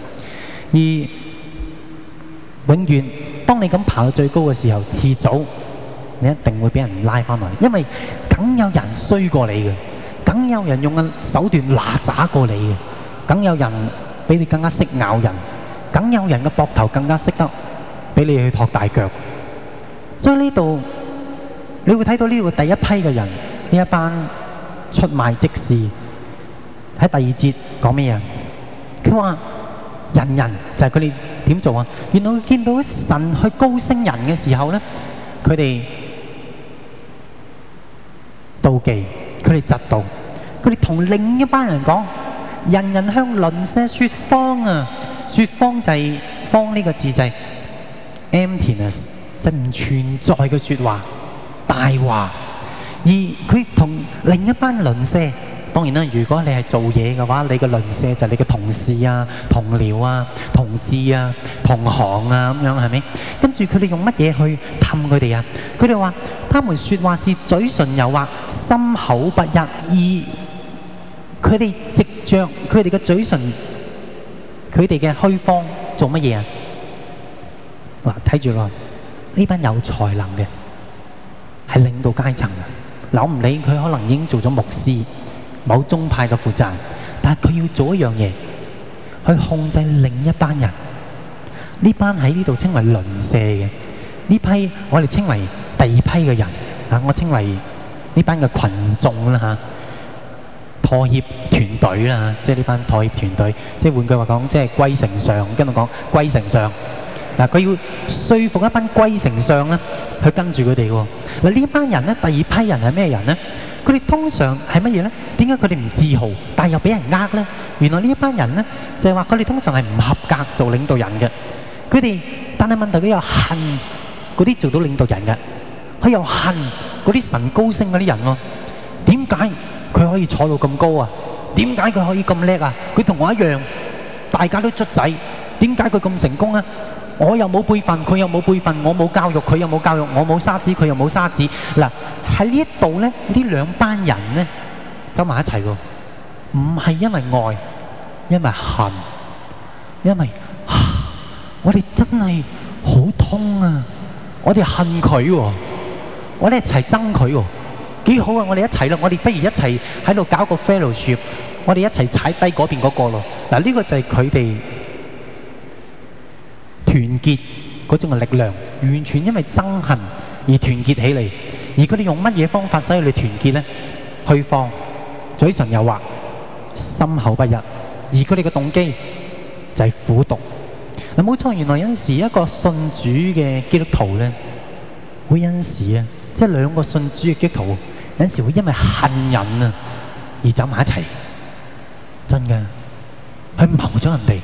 而永遠當你咁爬到最高嘅時候，遲早你一定會俾人拉翻落嚟，因為梗有人衰過你嘅，梗有人用嘅手段嗱喳過你嘅，梗有人比你更加識咬人，梗有人嘅膊頭更加識得俾你去托大腳。所以呢度你會睇到呢個第一批嘅人，呢一班出賣即士，喺第二節講咩啊？佢話。人人就係佢哋點做啊？原來見到神去高升人嘅時候呢，佢哋妒忌，佢哋嫉妒，佢哋同另一班人講：人人向鄰舍説謊啊！説謊就係謊呢個字就係 emptiness 就唔存在嘅説話、大話。而佢哋同另一班鄰舍。當然啦，如果你係做嘢嘅話，你嘅鄰舍就係你嘅同事啊、同僚啊、同志啊、同行啊咁樣，係咪？跟住佢哋用乜嘢去氹佢哋啊？佢哋話：他們説話是嘴唇油滑，心口不一。而佢哋藉著佢哋嘅嘴唇，佢哋嘅虛謊做乜嘢啊？嗱，睇住咯，呢班有才能嘅係領導階層啊！我唔理佢，可能已經做咗牧師。某宗派嘅負責，但係佢要做一樣嘢，去控制另一班人。呢班喺呢度稱為鄰舍嘅，呢批我哋稱為第二批嘅人啊，我稱為呢班嘅群眾啦嚇，妥協團隊啦，即係呢班妥協團隊，即係換句話講，即係歸丞相，跟住講歸丞相。嗱，佢要說服一班歸丞相咧去跟住佢哋喎。嗱，啊，呢班人咧，第二批人係咩人咧？佢哋通常係乜嘢呢？點解佢哋唔自豪，但又俾人呃呢？原來呢一班人呢，就係話佢哋通常係唔合格做領導人嘅。佢哋，但係問題佢又恨嗰啲做到領導人嘅，佢又恨嗰啲神高星嗰啲人喎、啊。點解佢可以坐到咁高啊？點解佢可以咁叻啊？佢同我一樣，大家都卒仔，點解佢咁成功咧、啊？我又冇輩分，佢又冇輩分，我冇教育，佢又冇教育，我冇沙紙，佢又冇沙紙。嗱，喺呢一度咧，呢兩班人咧，走埋一齊喎，唔係因為愛，因為恨，因為嚇，我哋真係好痛啊！我哋恨佢喎，我哋一齊憎佢喎，幾好啊！我哋一齊咯，我哋不如一齊喺度搞個 fellowship，我哋一齊踩低嗰邊嗰個咯。嗱，呢個就係佢哋。團結嗰種嘅力量，完全因為憎恨而團結起嚟。而佢哋用乜嘢方法使佢哋團結呢？去放嘴唇又滑，心口不一。而佢哋嘅動機就係苦毒。你冇錯，原來有陣時一個信主嘅基督徒呢，會有陣時啊，即係兩個信主嘅基督徒，有陣時會因為恨人啊而走埋一齊，真㗎，去謀咗人哋，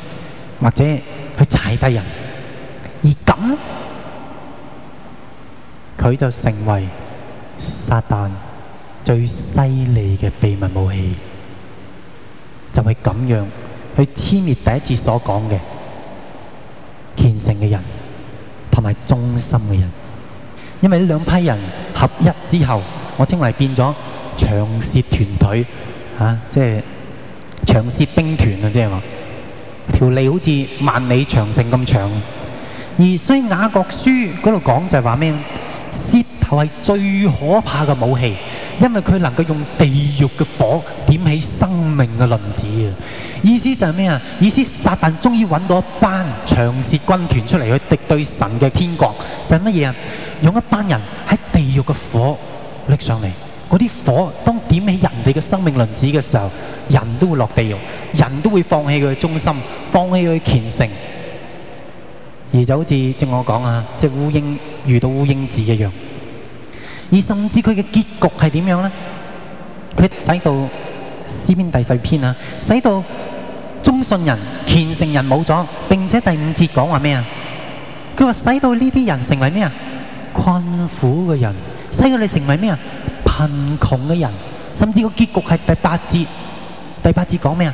或者去踩低人。佢、嗯、就成為撒旦最犀利嘅秘密武器，就係咁樣去殲滅第一節所講嘅虔誠嘅人，同埋忠心嘅人。因為呢兩批人合一之後，我稱為變咗長舌團隊，吓，即係長舌兵團啊，即係話條脷好似萬里長城咁長。而《衰雅各書》嗰度講就係話咩咧？舌頭係最可怕嘅武器，因為佢能夠用地獄嘅火點起生命嘅輪子啊！意思就係咩啊？意思撒旦終於揾到一班長舌軍團出嚟去敵對神嘅天國。就係乜嘢啊？用一班人喺地獄嘅火拎上嚟，嗰啲火當點起人哋嘅生命輪子嘅時候，人都會落地獄，人都會放棄佢嘅忠心，放棄佢嘅虔誠。而就好似正我講啊，即係烏蠅遇到烏蠅子一樣。而甚至佢嘅結局係點樣呢？佢使到詩篇第四篇啊，使到忠信人、虔誠人冇咗，並且第五節講話咩啊？佢話使到呢啲人成為咩啊？困苦嘅人，使到你成為咩啊？貧窮嘅人，甚至個結局係第八節。第八節講咩啊？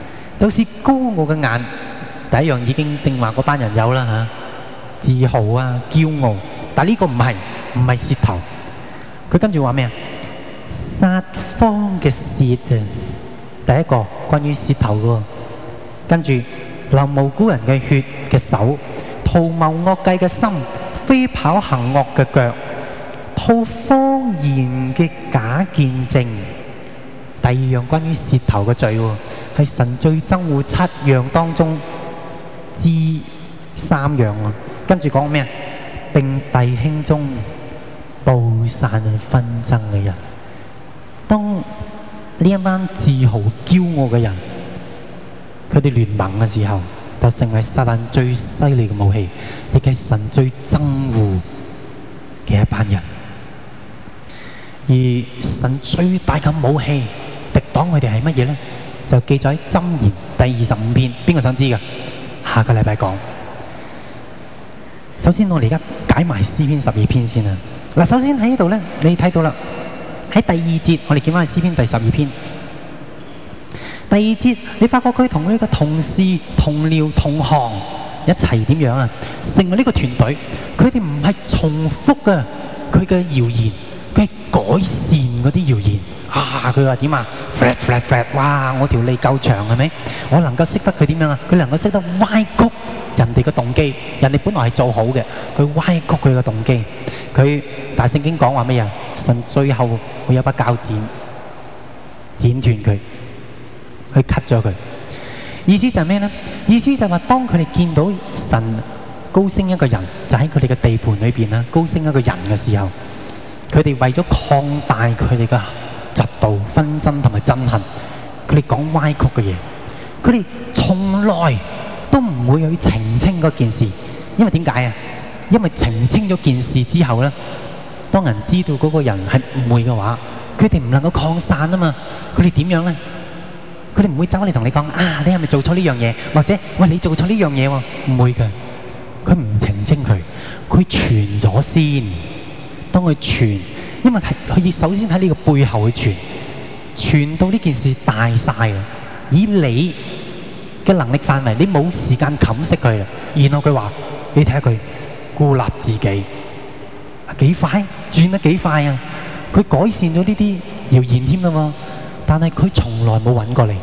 就是高傲嘅眼，第一樣已經正話嗰班人有啦嚇、啊，自豪啊，驕傲。但呢個唔係，唔係舌頭。佢跟住話咩啊？撒謊嘅舌啊，第一個關於舌頭嘅、哦。跟住流無辜人嘅血嘅手，圖謀惡計嘅心，飛跑行惡嘅腳，吐謊言嘅假見證。第二樣關於舌頭嘅罪喎。係神最憎惡七樣當中之三樣啊！跟住講咩啊？並弟兄中暴散紛爭嘅人，當呢一班自豪驕傲嘅人，佢哋聯盟嘅時候，就成為撒旦最犀利嘅武器，亦係神最憎惡嘅一班人。而神最大嘅武器，抵擋佢哋係乜嘢呢？就記載喺《箴言》第二十五篇，邊個想知嘅？下個禮拜講。首先，我哋而家解埋詩篇十二篇先啦。嗱，首先喺呢度咧，你睇到啦，喺第二節，我哋見返《詩篇》第十二篇。第二節，你發覺佢同佢嘅同事、同僚、同行一齊點樣啊？成為呢個團隊，佢哋唔係重複嘅佢嘅謠言，佢改善嗰啲謠言。啊！佢話點啊？flat flat flat！哇！我條脷夠長係咪？我能夠識得佢點樣啊？佢能夠識得歪曲人哋嘅動機。人哋本來係做好嘅，佢歪曲佢嘅動機。佢但聖經講話咩啊？神最後會有把鉸剪，剪斷佢，去 cut 咗佢。意思就係咩呢？意思就係話，當佢哋見到神高升一個人，就喺佢哋嘅地盤裏邊啦，高升一個人嘅時候，佢哋為咗擴大佢哋嘅，嫉妒、紛爭同埋憎恨，佢哋講歪曲嘅嘢，佢哋從來都唔會去澄清嗰件事，因為點解啊？因為澄清咗件事之後咧，當人知道嗰個人係唔會嘅話，佢哋唔能夠擴散啊嘛，佢哋點樣咧？佢哋唔會走嚟同你講啊，你係咪做錯呢樣嘢？或者喂，你做錯呢樣嘢喎？唔會嘅，佢唔澄清佢，佢傳咗先，當佢傳。因為佢要首先喺呢個背後去傳，傳到呢件事大晒。啊！以你嘅能力範圍，你冇時間冚熄佢啊！然後佢話：「你睇下佢孤立自己，幾快轉得幾快啊！佢改善咗呢啲謠言添啊嘛！但係佢從來冇揾過你，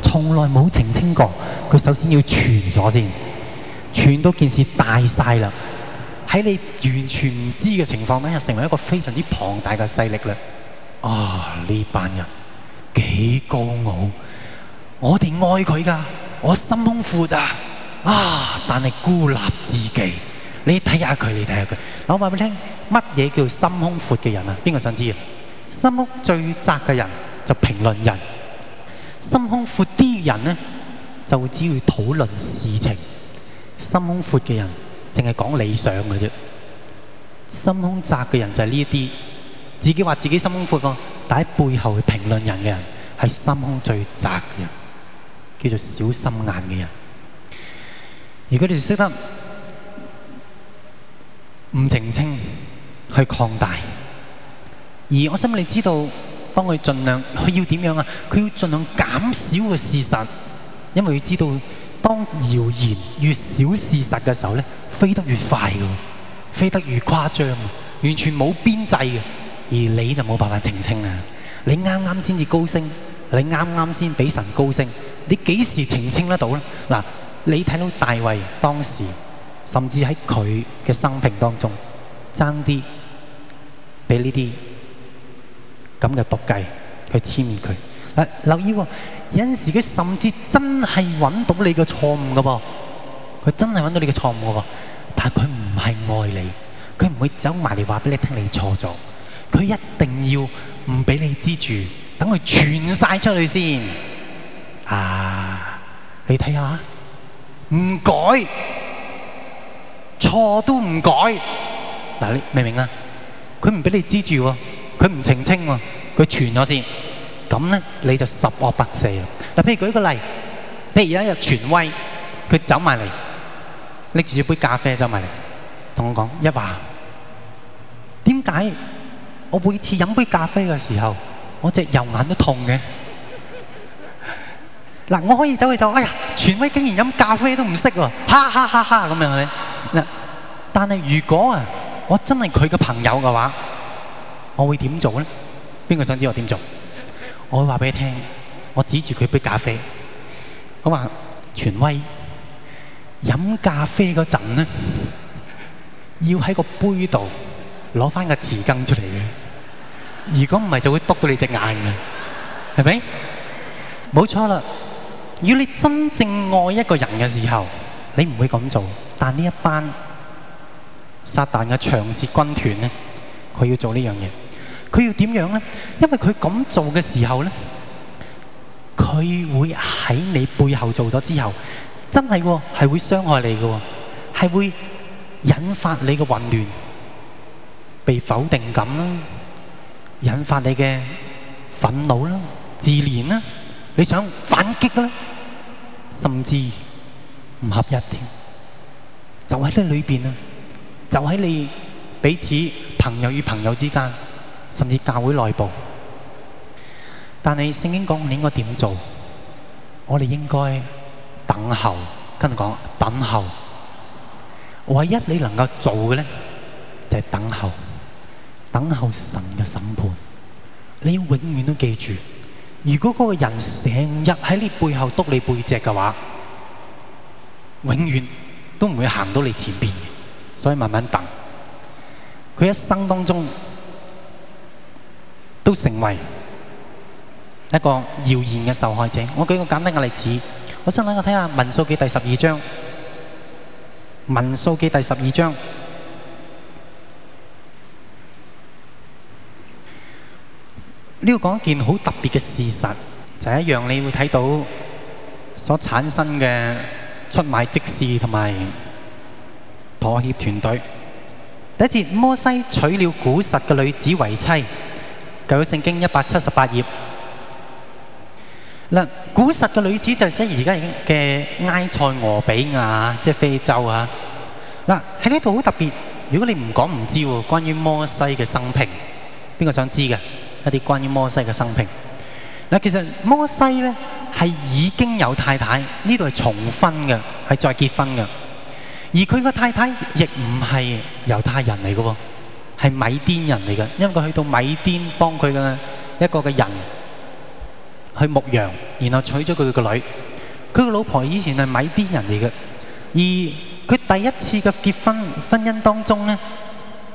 從來冇澄清過。佢首先要傳咗先，傳到件事大晒啦。喺你完全唔知嘅情況底下，成為一個非常之龐大嘅勢力啦。啊，呢班人幾高傲，我哋愛佢噶，我心胸闊啊。啊，但係孤立自己。你睇下佢，你睇下佢。我話畀你聽，乜嘢叫心胸闊嘅人啊？邊個想知啊？心胸最窄嘅人就評論人，心胸闊啲人咧就只會討論事情。心胸闊嘅人。淨係講理想嘅啫，心胸窄嘅人就係呢一啲自己話自己心胸闊個，但喺背後去評論人嘅人係心胸最窄嘅人，叫做小心眼嘅人。如果你哋識得唔澄清去擴大，而我想你知道，當佢儘量佢要點樣啊？佢要儘量減少個事實，因為要知道當謠言越少事實嘅時候咧。飛得越快，飛得越誇張，完全冇邊際嘅，而你就冇辦法澄清啦。你啱啱先至高升，你啱啱先俾神高升，你幾時澄清得到呢？嗱，你睇到大衛當時，甚至喺佢嘅生命當中爭啲俾呢啲咁嘅毒計去欺騙佢。嗱，留意、哦、有陣時佢甚至真係揾到你嘅錯誤噶噃。佢真係揾到你嘅錯誤喎，但係佢唔係愛你，佢唔會走埋嚟話俾你聽你錯咗，佢一定要唔俾你知住，等佢傳曬出去先。啊，你睇下，唔改，錯都唔改。嗱，你明唔明啊？佢唔俾你知住喎，佢唔澄清喎，佢傳咗先，咁咧你就十惡不赦啦。嗱，譬如舉個例，譬如有一日傳威，佢走埋嚟。拎住一杯咖啡走埋嚟，同我講，一話，點解我每次飲杯咖啡嘅時候，我隻右眼都痛嘅？嗱， 我可以走去就哎呀，權威竟然飲咖啡都唔識喎，哈哈哈哈，咁樣咧。但係如果啊，我真係佢嘅朋友嘅話，我會點做呢？邊個想知道我點做？我會話俾你聽，我指住佢杯咖啡，我話權威。飲咖啡嗰陣咧，要喺個杯度攞翻個匙羹出嚟嘅。如果唔係，就會篤到你隻眼嘅，係咪？冇錯啦。如果你真正愛一個人嘅時候，你唔會咁做。但呢一班撒旦嘅長舌軍團咧，佢要做呢樣嘢。佢要點樣咧？因為佢咁做嘅時候咧，佢會喺你背後做咗之後。真係喎，係會傷害你嘅，係會引發你嘅混亂、被否定感，引發你嘅憤怒啦、自憐啦，你想反擊啦，甚至唔合一添，就喺呢裏邊啊，就喺你彼此朋友與朋友之間，甚至教會內部。但你聖經講你應該點做？我哋應該。等候，跟住講等候。唯一你能夠做嘅，呢，就係等候，等候神嘅審判。你要永遠都記住，如果嗰個人成日喺你背後督你背脊嘅話，永遠都唔會行到你前邊嘅。所以慢慢等，佢一生當中都成為一個謠言嘅受害者。我舉個簡單嘅例子。我想諗下睇下《民數記》第十二章，《民數記》第十二章呢度講一件好特別嘅事實，就係、是、讓你會睇到所產生嘅出賣的士同埋妥協團隊。第一節，摩西娶了古實嘅女子為妻。舊約聖經一百七十八頁。嗱，古實嘅女子就即係而家已經嘅埃塞俄比亞，即係非洲啊！嗱，喺呢度好特別，如果你唔講唔知喎，關於摩西嘅生平，邊個想知嘅一啲關於摩西嘅生平？嗱，其實摩西咧係已經有太太，呢度係重婚嘅，係再結婚嘅，而佢嘅太太亦唔係猶太人嚟嘅，係米甸人嚟嘅，因為佢去到米甸幫佢嘅一個嘅人。去牧羊，然後娶咗佢個女。佢個老婆以前係米甸人嚟嘅，而佢第一次嘅結婚婚姻當中呢，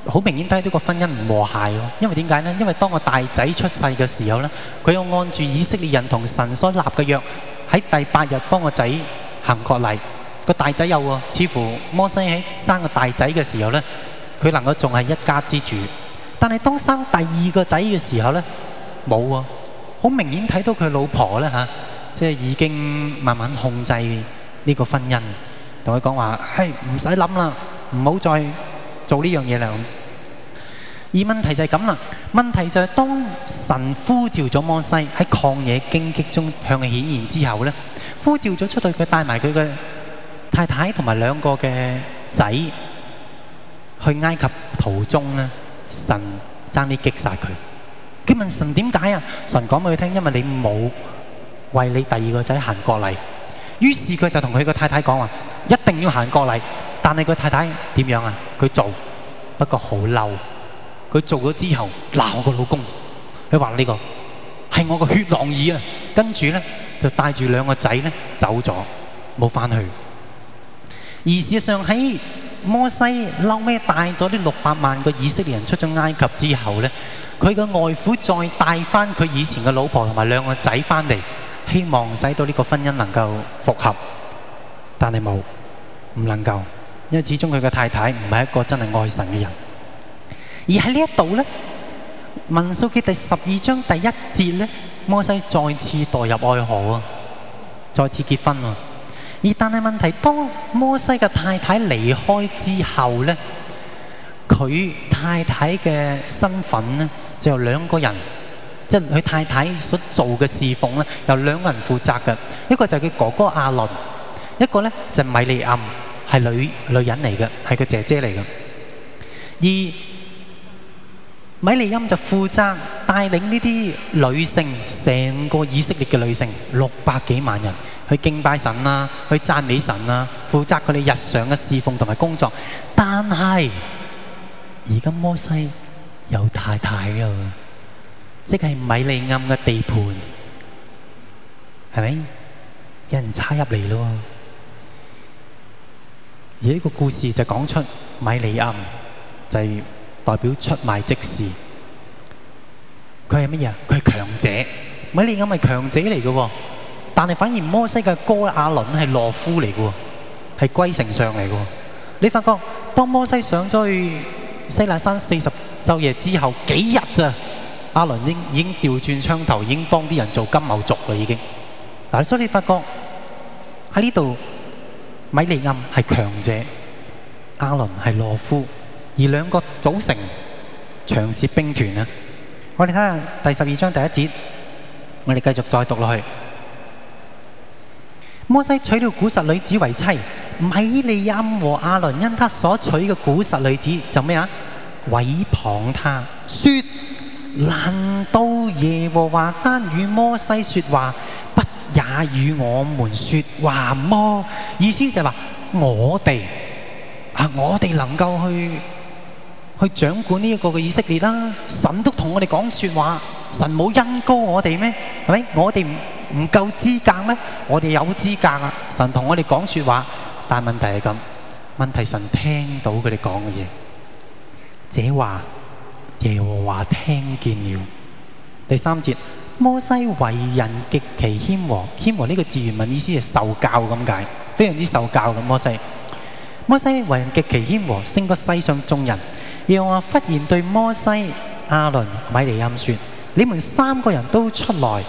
好明顯睇到個婚姻唔和諧。因為點解呢？因為當個大仔出世嘅時候呢，佢要按住以色列人同神所立嘅約，喺第八日幫個仔行割禮。個大仔有喎、啊，似乎摩西喺生個大仔嘅時候呢，佢能夠仲係一家之主。但係當生第二個仔嘅時候咧，冇喎、啊。好明顯睇到佢老婆呢，嚇、啊，即係已經慢慢控制呢個婚姻，同佢講話，嘿、哎，唔使諗啦，唔好再做呢樣嘢啦。而問題就係咁啦，問題就係當神呼召咗摩西喺曠野荊棘中向佢顯現之後呢，呼召咗出去，佢帶埋佢嘅太太同埋兩個嘅仔去埃及途中呢，神差啲擊殺佢。佢問神點解啊？神講俾佢聽，因為你冇為你第二個仔行過禮。於是佢就同佢個太太講話，一定要行過禮。但係佢太太點樣啊？佢做，不過好嬲。佢做咗之後鬧我個老公。佢話呢個係我個血郎耳啊！跟住咧就帶住兩個仔咧，走咗，冇返去。而事實上喺摩西嬲咩帶咗啲六百萬個以色列人出咗埃及之後呢，佢嘅外父再帶翻佢以前嘅老婆同埋兩個仔翻嚟，希望使到呢個婚姻能夠復合，但係冇，唔能夠，因為始終佢嘅太太唔係一個真係愛神嘅人。而喺呢一度咧，《民數記》第十二章第一節呢，摩西再次墮入愛河啊，再次結婚啊！而但係問題，當摩西嘅太太離開之後咧，佢太太嘅身份咧就由兩個人，即係佢太太所做嘅侍奉咧由兩個人負責嘅，一個就係佢哥哥亞倫，一個咧就係米利暗，係女女人嚟嘅，係佢姐姐嚟嘅。而米利暗就負責帶領呢啲女性，成個以色列嘅女性六百幾萬人。去敬拜神啊，去讚美神啊，負責佢哋日常嘅侍奉同埋工作。但係而家摩西有太太嘅，即係米利暗嘅地盤，係咪？有人插入嚟咯。而呢個故事就講出米利暗就代表出賣職事。佢係乜嘢啊？佢係強者。米利暗係強者嚟嘅。但係反而摩西嘅哥阿倫係懦夫嚟嘅，係龜丞相嚟嘅。你發覺當摩西上咗去西奈山四十晝夜之後幾日咋？阿倫已經調轉槍頭，已經幫啲人做金牛犢啦。已經嗱、啊，所以你發覺喺呢度米利暗係強者，阿倫係懦夫，而兩個組成長舌兵團啊。我哋睇下第十二章第一節，我哋繼續再讀落去。摩西娶了古實女子為妻，米利暗和阿倫因他所娶嘅古實女子就咩啊？毀謗他，說，難道耶和華單與摩西說話，不也與我們說話麼？意思就係話我哋啊，我哋能夠去去掌管呢一個嘅以色列啦，啊。神都同我哋講說話，神冇恩膏我哋咩？係咪？我哋。唔夠資格咩？我哋有資格啊！神同我哋講說話，但問題係咁，問題神聽到佢哋講嘅嘢。這話耶和華聽見了。第三節，摩西為人極其謙和，謙和呢個字原文意思係受教咁解，非常之受教咁。摩西，摩西為人極其謙和，勝過世上眾人。耶和華忽然對摩西、亞倫、米利暗說：你們三個人都出來。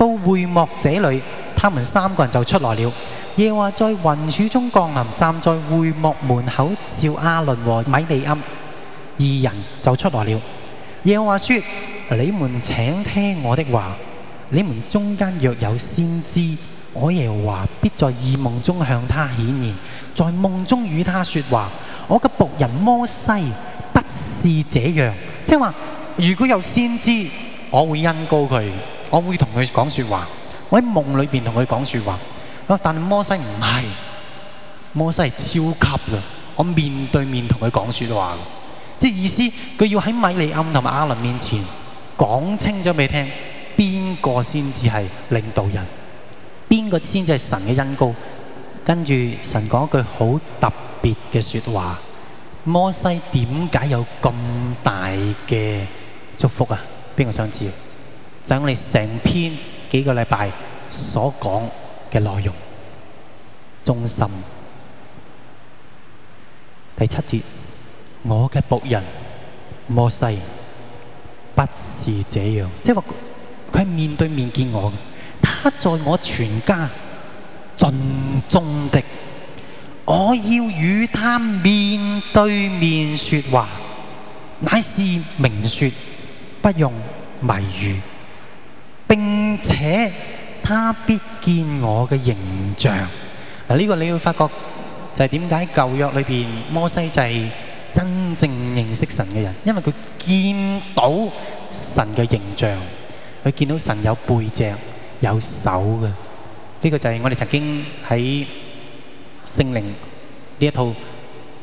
到會幕這裏，他們三個人就出來了。耶和華在雲柱中降臨，站在會幕門口，召阿倫和米利暗。二人就出來了。耶和華說，你們請聽我的話，你們中間若有先知，我耶和華必在異夢中向他顯現，在夢中與他說話。我嘅僕人摩西不是這樣，即係話如果有先知，我會恩膏佢。我會同佢講説話，我喺夢裏邊同佢講説話。但摩西唔係，摩西係超級嘅，我面對面同佢講説話。即意思，佢要喺米利暗同埋亞倫面前講清咗俾你聽，邊個先至係領導人，邊個先至係神嘅恩膏。跟住神講一句好特別嘅説話：摩西點解有咁大嘅祝福啊？邊個想知道？等你我成篇幾個禮拜所講嘅內容，忠心，第七節，我嘅僕人摩西不是這樣，即係話佢係面對面見我嘅。他在我全家盡忠的，我要與他面對面説話，乃是明説，不用謎語。並且他必見我嘅形象。嗱，呢個你會發覺就係點解舊約裏面摩西就係真正認識神嘅人，因為佢見到神嘅形象，佢見到神有背脊、有手嘅。呢、這個就係我哋曾經喺聖靈呢一套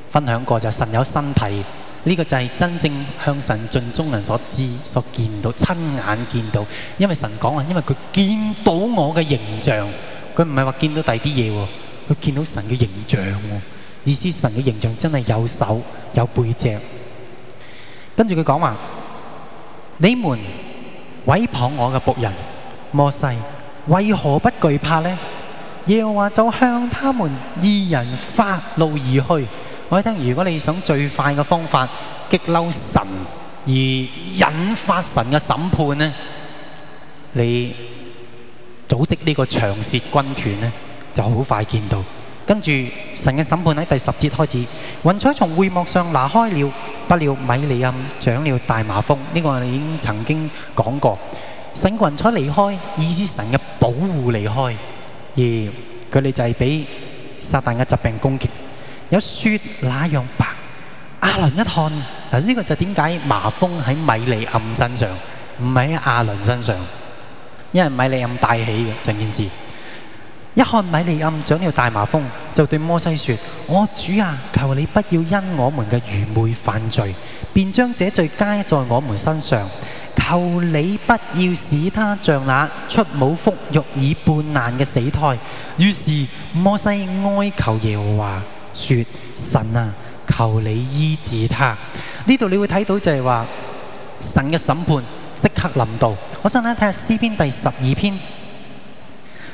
分享過，就是、神有身體。呢個就係真正向神盡忠人所知、所見到、親眼見到。因為神講話，因為佢見到我嘅形象，佢唔係話見到第二啲嘢喎，佢見到神嘅形象喎。意思神嘅形象真係有手有背脊。跟住佢講話：你們毀謗我嘅僕人摩西，為何不懼怕呢？耶和華就向他們二人發怒而去。我一聽，如果你想最快嘅方法激嬲神而引發神嘅審判呢，你組織呢個長舌軍團呢，就好快見到。跟住神嘅審判喺第十節開始。雲彩從會幕上拿開了，不料米利暗長了大麻風。呢、這個我已經曾經講過。神嘅雲彩離開，意思神嘅保護離開，而佢哋就係俾撒旦嘅疾病攻擊。有雪那樣白。阿倫一看，嗱，呢個就點解麻風喺米利暗身上，唔喺阿倫身上？因為米利暗大起嘅成件事。一看米利暗長條大麻風，就對摩西説： 我主啊，求你不要因我們嘅愚昧犯罪，便將這罪加在我們身上。求你不要使他像那出母腹肉已半爛嘅死胎。於是摩西哀求耶和華。說神啊，求你醫治他。呢度你會睇到就係話神嘅審判即刻臨到。我想咧睇下詩篇第十二篇。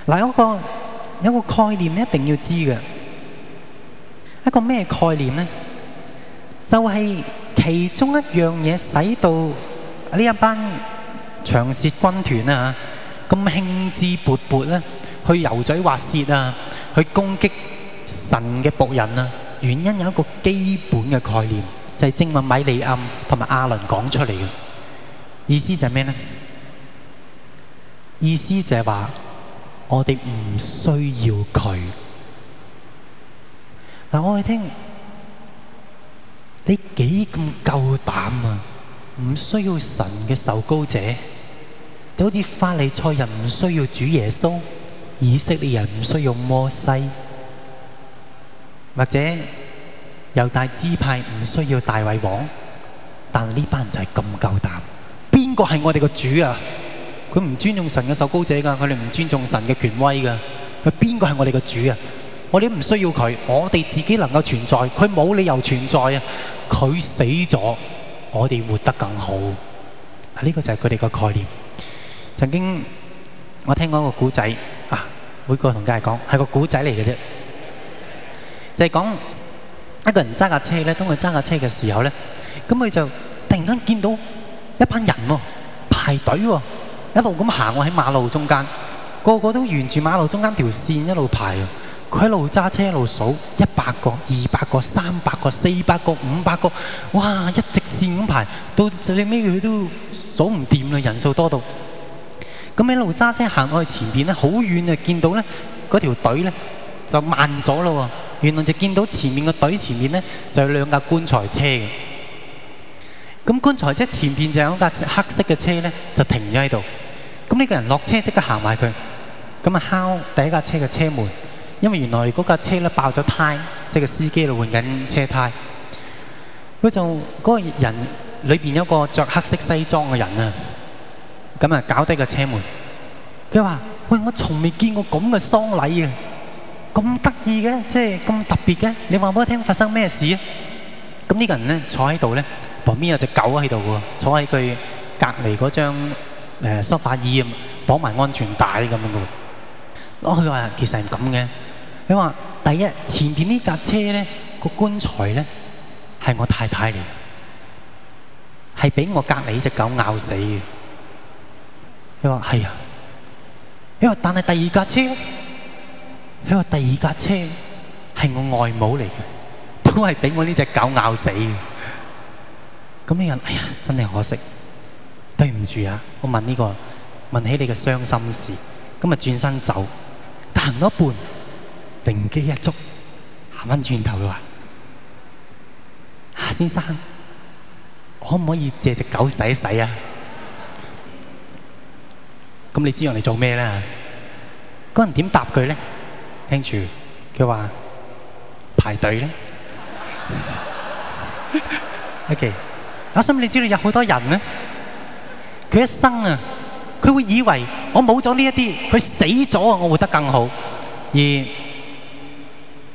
嗱、那個，有個概念你一定要知嘅，一個咩概念呢？就係、是、其中一樣嘢使到呢一班長舌軍團啊，咁興致勃勃咧、啊、去油嘴滑舌啊，去攻擊。神嘅僕人，啊，原因有一個基本嘅概念，就係、是、正話米利暗同埋阿倫講出嚟嘅意思就係咩呢？意思就係話我哋唔需要佢。我哋聽你幾咁夠膽啊？唔需要神嘅受膏者，就好似法利賽人唔需要主耶穌，以色列人唔需要摩西。或者有大支派唔需要大衛王，但呢班人就係咁夠膽。邊個係我哋個主啊？佢唔尊重神嘅受膏者噶，佢哋唔尊重神嘅權威噶。佢邊個係我哋個主啊？我哋唔需要佢，我哋自己能夠存在，佢冇理由存在啊！佢死咗，我哋活得更好。啊，呢個就係佢哋個概念。曾經我聽過一個古仔啊，每個同家講係個古仔嚟嘅啫。就係講一個人揸架車咧，當佢揸架車嘅時候呢，咁佢就突然間見到一班人喎、哦，排隊喎、哦，一路咁行喎喺馬路中間，個個都沿住馬路中間條線一路排、哦。佢一路揸車一路數，一百個、二百個、三百個、四百個、五百個，哇！一直線咁排，到最尾佢都數唔掂啦，人數多到。咁喺路揸車行去前面，咧，好遠就見到咧，嗰條隊咧就慢咗咯喎。原來就見到前面個隊前面咧，就係兩架棺材車嘅，咁棺材車前面就有一架黑色嘅車咧，就停咗喺度，咁呢個人落車即刻行埋去，咁啊敲第一架車嘅車門，因為原來嗰架車咧爆咗胎，即係個司機喺度換緊車胎，佢就嗰個人裏面有個著黑色西裝嘅人啊，咁啊搞低個車門，佢話：喂，我從未見過咁嘅喪禮啊！咁得意嘅，即係咁特別嘅，你話俾我聽發生咩事啊？咁呢個人咧坐喺度咧，旁邊有隻狗喺度喎，坐喺佢隔離嗰張誒梳化椅啊，綁埋安全帶咁樣嘅喎。我佢話其實係咁嘅，佢話第一前邊呢架車咧個棺材咧係我太太嚟嘅，係俾我隔離隻狗咬死嘅。佢話係啊？佢話但係第二架車。佢話：第二架車係我外母嚟嘅，都係俾我呢隻狗咬死嘅。咁啲人：哎呀，真係可惜。對唔住啊，我問呢、呢個問起你嘅傷心事，咁啊轉身走，行到一半，靈機一觸，行翻轉頭佢話：夏先生，可唔可以借隻狗洗一洗啊？咁你知我嚟做咩啦？嗰人點答佢呢？」聽住，佢話，排隊咧。阿 k、okay。我想俾你知道有好多人咧。佢一生啊，佢會以為我冇咗呢一啲，佢死咗我活得更好。而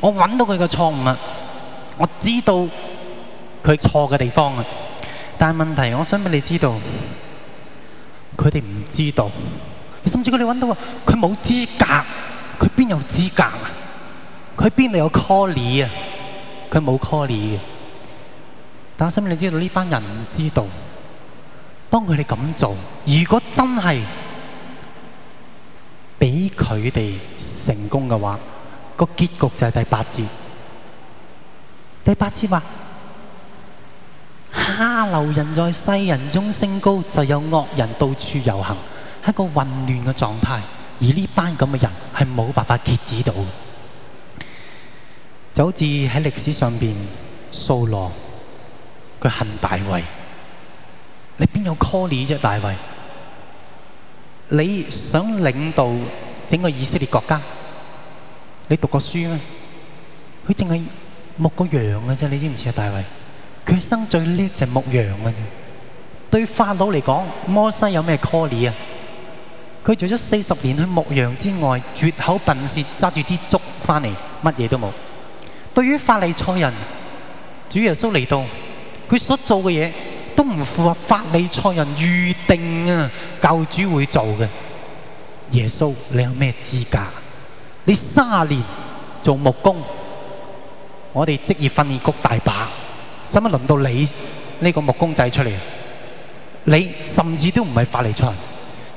我揾到佢嘅錯誤啊，我知道佢錯嘅地方啊。但係問題，我想俾你知道，佢哋唔知道，甚至佢哋揾到，佢冇資格。佢邊有資格啊？佢邊度有 call 你啊？佢冇 call 你嘅。但我想知道，呢班人唔知道，當佢哋咁做，如果真係俾佢哋成功嘅話，個結局就係第八節。第八節話：下流人在世人中升高，就有惡人到處遊行，係一個混亂嘅狀態。而呢班咁嘅人係冇辦法遏止到嘅，就好似喺歷史上邊，掃羅佢恨大衛，你邊有 call 你啫，大衛？你想領導整個以色列國家，你讀過書咩？佢淨係牧個羊嘅啫，你知唔知啊？大衛，佢一生最叻就係牧羊嘅啫。對法老嚟講，摩西有咩 call 你啊？佢做咗四十年去牧羊之外，拙口笨舌，揸住支竹返嚟，乜嘢都冇。對於法利賽人，主耶穌嚟到，佢所做嘅嘢都唔符合法利賽人預定啊！教主會做嘅，耶穌，你有咩資格？你三十年做木工，我哋職業訓練局大把，使乜輪到你呢個木工仔出嚟？你甚至都唔係法利賽人。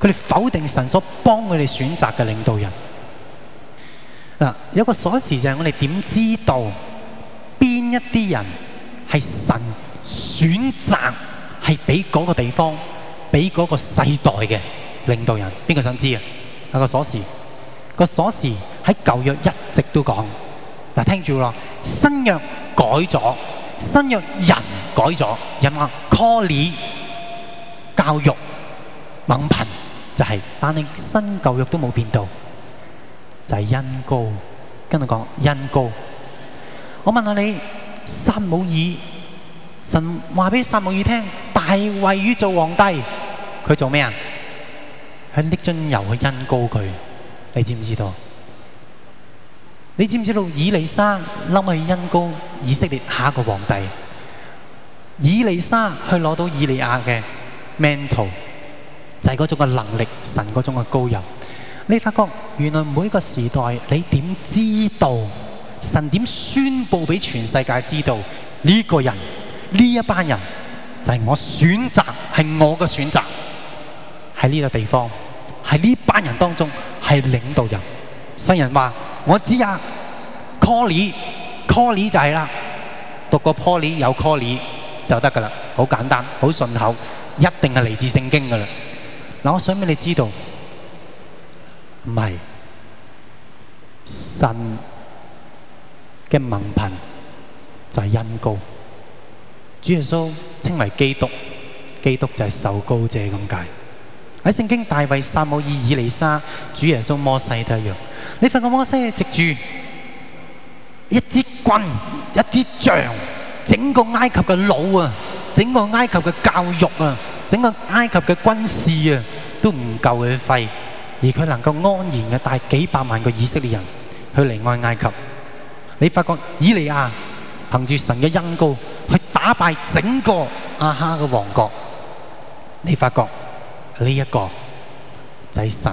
佢哋否定神所幫佢哋選擇嘅領導人，啊、有個鎖匙就係我哋點知道邊一啲人係神選擇係俾嗰個地方、俾嗰個世代嘅領導人？邊個想知啊？有個鎖匙，個鎖匙喺舊約一直都講，嗱、啊，聽住咯，新約改咗，新約人改咗，人啊，Call 你教育。猛貧就係、是，但你新舊約都冇變到，就係、是、恩膏。跟佢講恩膏，我問下你，撒母耳，神話俾撒母耳聽，大衛要做皇帝，佢做咩啊？去滴尊油去恩膏，佢，你知唔知道？你知唔知道以利沙諗去恩膏，以色列下一個皇帝？以利沙去攞到以利亞嘅 mantle。就係嗰種嘅能力，神嗰種嘅高人。你發覺原來每一個時代，你點知道神點宣佈俾全世界知道呢、這個人呢一班人就係、是、我選擇，係我嘅選擇喺呢個地方，喺呢班人當中係領導人。新人話：我知啊，Call，Call 就係啦，讀個 Poly 有 Call 就得㗎啦，好簡單，好順口，一定係嚟自聖經㗎啦。嗱，我想俾你知道，唔係神嘅文憑，就係恩膏。主耶穌稱為基督，基督就係受膏者咁解。喺聖經大衛、撒母耳、以利沙，主耶穌，摩西都係一樣。你發覺摩西直住一啲棍、一啲杖，整個埃及嘅腦啊，整個埃及嘅教育啊。整個埃及嘅軍事啊，都唔夠佢費，而佢能夠安然嘅帶幾百萬個以色列人去離開埃及。你發覺以利亞憑住神嘅恩膏去打敗整個亞哈嘅王國，你發覺呢一個就係神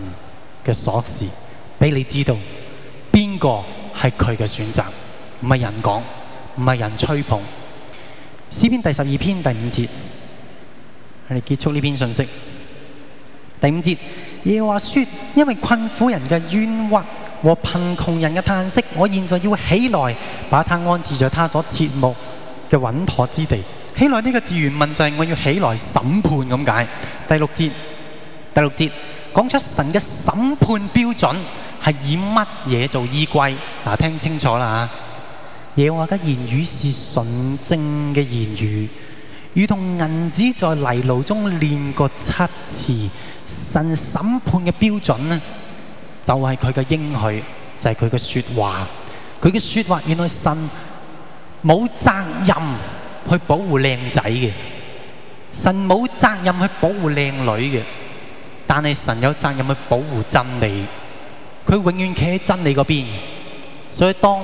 嘅鎖匙，俾你知道邊個係佢嘅選擇，唔係人講，唔係人吹捧。詩篇第十二篇第五節。我哋結束呢篇信息。第五節，耶和華說，因為困苦人嘅冤屈和貧窮人嘅嘆息，我現在要起來，把他安置在他所切慕嘅穩妥之地。起來呢個字原文就係我要起來審判咁解。第六節，第六節講出神嘅審判標準係以乜嘢做依歸？嗱、啊，聽清楚啦吓。耶和華嘅言語是純正嘅言語。如同銀子在泥爐中煉過七次，神審判嘅標準呢就係佢嘅應許，就係佢嘅說話。佢嘅說話，原來神冇責任去保護靚仔嘅，神冇責任去保護靚女嘅，但係神有責任去保護真理。佢永遠企喺真理嗰邊，所以當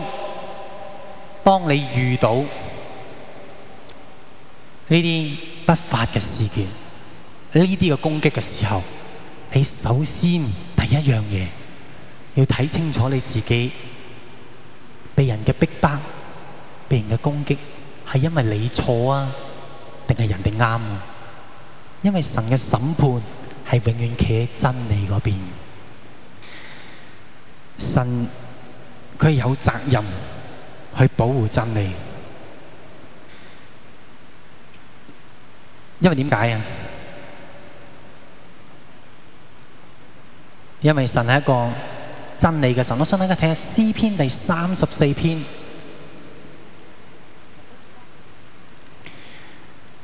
當你遇到，呢啲不法嘅事件，呢啲嘅攻擊嘅時候，你首先第一樣嘢要睇清楚你自己被人嘅，被人嘅逼迫，被人嘅攻擊，係因為你錯啊，定係人哋啱？因為神嘅審判係永遠企喺真理嗰邊，神佢有責任去保護真理。因為點解啊？因為神係一個真理嘅神，我想大家睇下詩篇第三十四篇。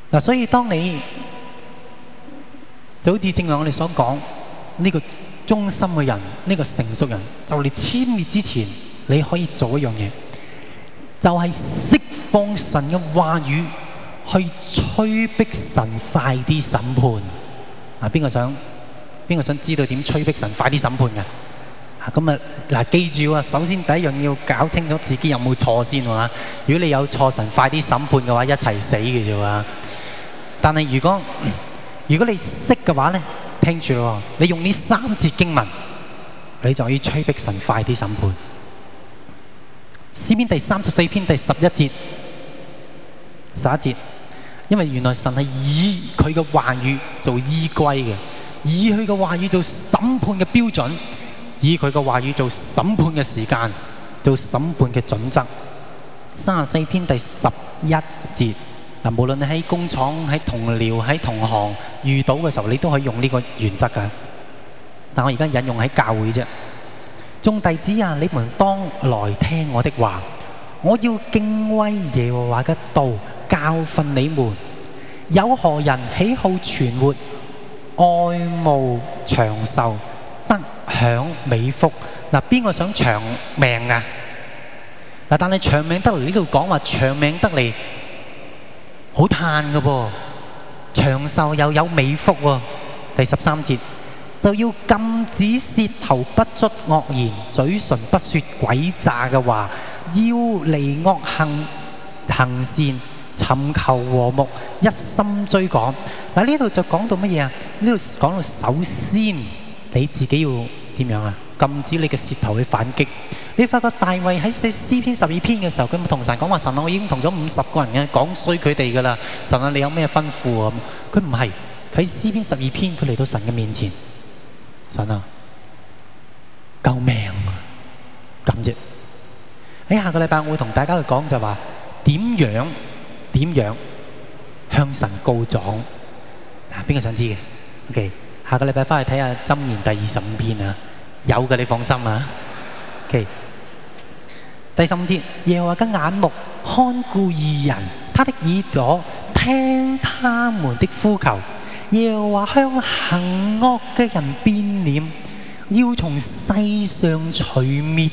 啊，所以當你就好似正如我哋所講，呢個忠心嘅人，呢個成熟的人，就你千滅之前，你可以做一樣嘢，就係釋放神嘅話語。去催逼神快啲審判，啊邊個想？邊個想知道點催逼神快啲審判嘅？啊咁啊，嗱、啊、記住啊，首先第一樣要搞清楚自己有冇錯先啊。如果你有錯，神快啲審判嘅話，一齊死嘅啫啊。但係如果、嗯、如果你識嘅話咧，聽住咯，你用呢三節經文，你就可以催逼神快啲審判。詩篇第三十四篇第十一節，十一節。因為原來神係以佢嘅話語做依歸嘅，以佢嘅話語做審判嘅標準，以佢嘅話語做審判嘅時間，做審判嘅準則。三十四篇第十一節，嗱，無論你喺工廠、喺同僚、喺同行遇到嘅時候，你都可以用呢個原則㗎。但我而家引用喺教會啫。眾弟子啊，你們當來聽我的話，我要敬畏耶和華嘅道。教訓你們，有何人喜好存活，愛慕長壽，得享美福？嗱、啊，邊個想長命啊？啊但係長命得嚟呢度講話長命得嚟，好嘆噶噃，長壽又有美福，啊。第十三節就要禁止舌頭不出惡言，嘴唇不說鬼詐嘅話，要離惡行，行善。尋求和睦，一心追趕。嗱呢度就講到乜嘢啊？呢度講到首先你自己要點樣啊？禁止你嘅舌頭去反擊。你發覺大衛喺詩篇十二篇嘅時候，佢同神講話：神啊，我已經同咗五十個人嘅講衰佢哋噶啦。神啊，你有咩吩咐啊？佢唔係喺詩篇十二篇，佢嚟到神嘅面前。神啊，救命、啊！咁啫。誒、哎，下個禮拜我會同大家去講就話點樣。點樣向神告狀？嗱，邊個想知嘅？O K，下個禮拜翻去睇下《箴言》第二十五篇啊，有嘅你放心啊。O K，第三五節，耶和華嘅眼目看顧義人，他的耳朵聽他們的呼求。耶和華向行惡嘅人變臉，要從世上除滅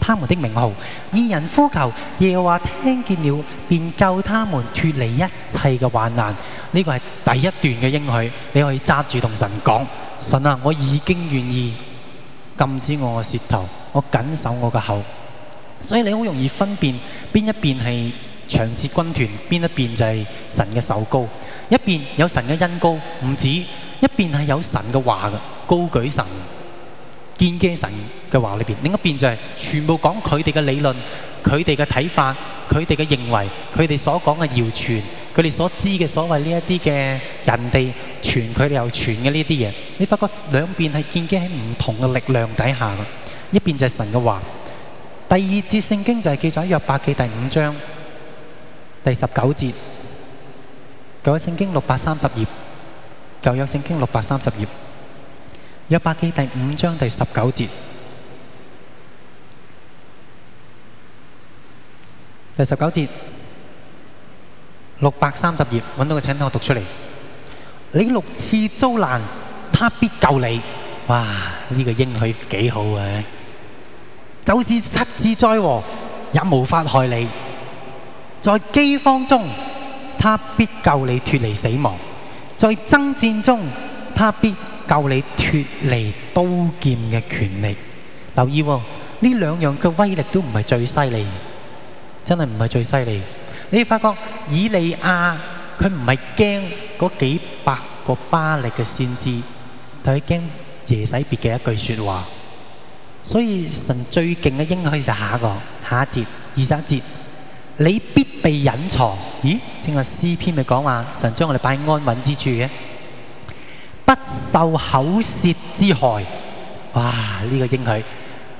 他們的名號，義人呼求，耶和華聽見了，便救他們脱離一切嘅患難。呢個係第一段嘅應許，你可以揸住同神講：神啊，我已經願意，禁止我嘅舌頭，我謹守我嘅口。所以你好容易分辨邊一邊係長舌軍團，邊一邊就係神嘅手高，一邊有神嘅恩高唔止，一邊係有神嘅話嘅高舉神。建基神嘅話裏面，另一邊就係全部講佢哋嘅理論、佢哋嘅睇法、佢哋嘅認為、佢哋所講嘅謠傳、佢哋所知嘅所謂呢一啲嘅人哋傳佢哋又傳嘅呢啲嘢，你發覺兩邊係建基喺唔同嘅力量底下噶。一邊就係神嘅話。第二節聖經就係、是、記載喺約伯記第五章第十九節。舊有聖經六百三十頁，舊有聖經六百三十頁。約伯記第五章第十九節，第十九節六百三十頁，揾到個請聽我讀出嚟。你六次遭難，他必救你。哇！呢、這個應許幾好啊！就算七次災禍也無法害你。在饑荒中，他必救你脱離死亡；在爭戰中，他必救你脫離刀劍嘅權力，留意喎，呢兩樣嘅威力都唔係最犀利，真係唔係最犀利。你要發覺以利亞佢唔係驚嗰幾百個巴力嘅先知，但係驚耶洗別嘅一句說話。所以神最勁嘅應許就下一個下一節二十一節，你必被隱藏。咦？正話詩篇咪講話神將我哋擺喺安穩之處嘅。不受口舌之害，哇！呢、這個應許，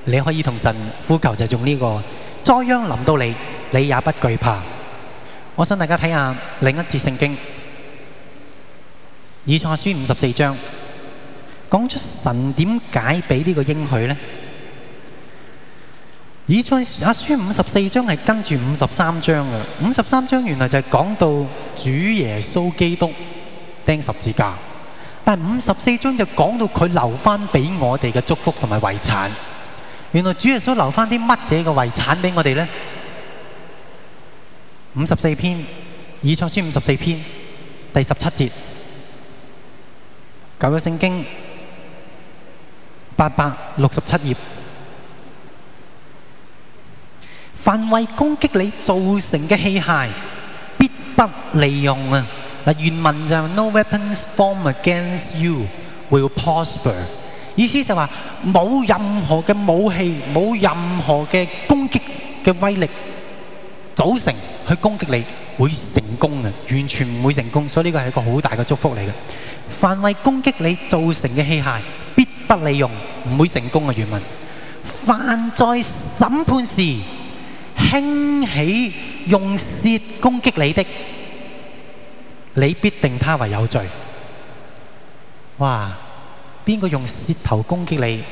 你可以同神呼求就是用呢、這個。災殃臨到你，你也不懼怕。我想大家睇下另一節聖經，以賽亞書五十四章，講出神點解俾呢個應許呢？以賽亞書五十四章係跟住五十三章嘅，五十三章原來就係講到主耶穌基督釘十字架。但五十四章就講到佢留翻俾我哋嘅祝福同埋遺產。原來主耶穌想留翻啲乜嘢嘅遺產俾我哋呢？五十四篇，以賽亞書五十四篇第十七節，舊嘅聖經八百六十七頁，凡為攻擊你造成嘅器械，必不利用啊！原文就 No weapons formed against you will prosper，意思就話冇任何嘅武器，冇任何嘅攻擊嘅威力組成去攻擊你，會成功嘅，完全唔會成功。所以呢個係一個好大嘅祝福嚟嘅。凡為攻擊你造成嘅器械，必不利用，唔會成功嘅原文。凡在審判時興起用舌攻擊你的。你必定他為有罪。哇！邊個用舌頭攻擊你，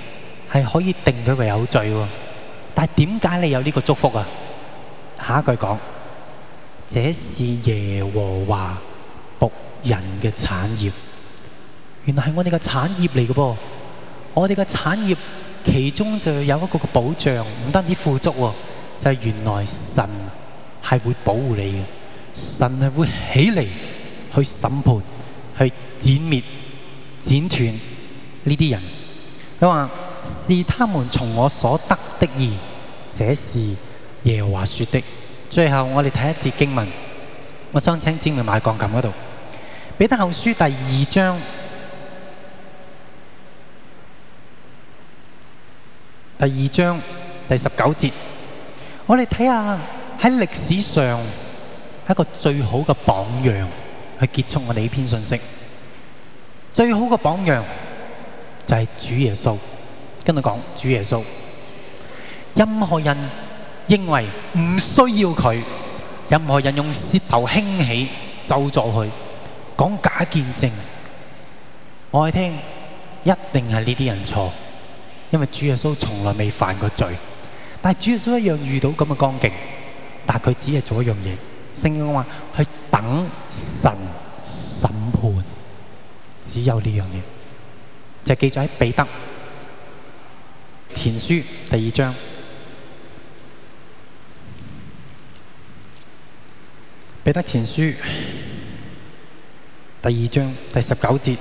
係可以定佢為有罪。但係點解你有呢個祝福啊？下一句講：這是耶和華僕人嘅產業。原來係我哋嘅產業嚟嘅噃。我哋嘅產業其中就有一個保障，唔單止富足，就係、是、原來神係會保護你嘅，神係會起嚟。去審判、去剪滅、剪斷呢啲人。佢話是他們從我所得的義，這是耶和華說的。最後我哋睇一節經文，我想請姊妹買槓桿嗰度，《彼得後書》第二章，第二章第十九節。我哋睇下喺歷史上一個最好嘅榜樣。去結束我呢篇信息。最好個榜樣就係主耶穌，跟佢講主耶穌。任何人認為唔需要佢，任何人用舌頭興起咒詛佢，講假見證，我愛聽，一定係呢啲人錯，因為主耶穌從來未犯過罪，但係主耶穌一樣遇到咁嘅光景，但係佢只係做一樣嘢。聖經講話去等神審判，只有呢樣嘢，就是，記載喺彼得前書第二章。彼得前書第二章第十九節，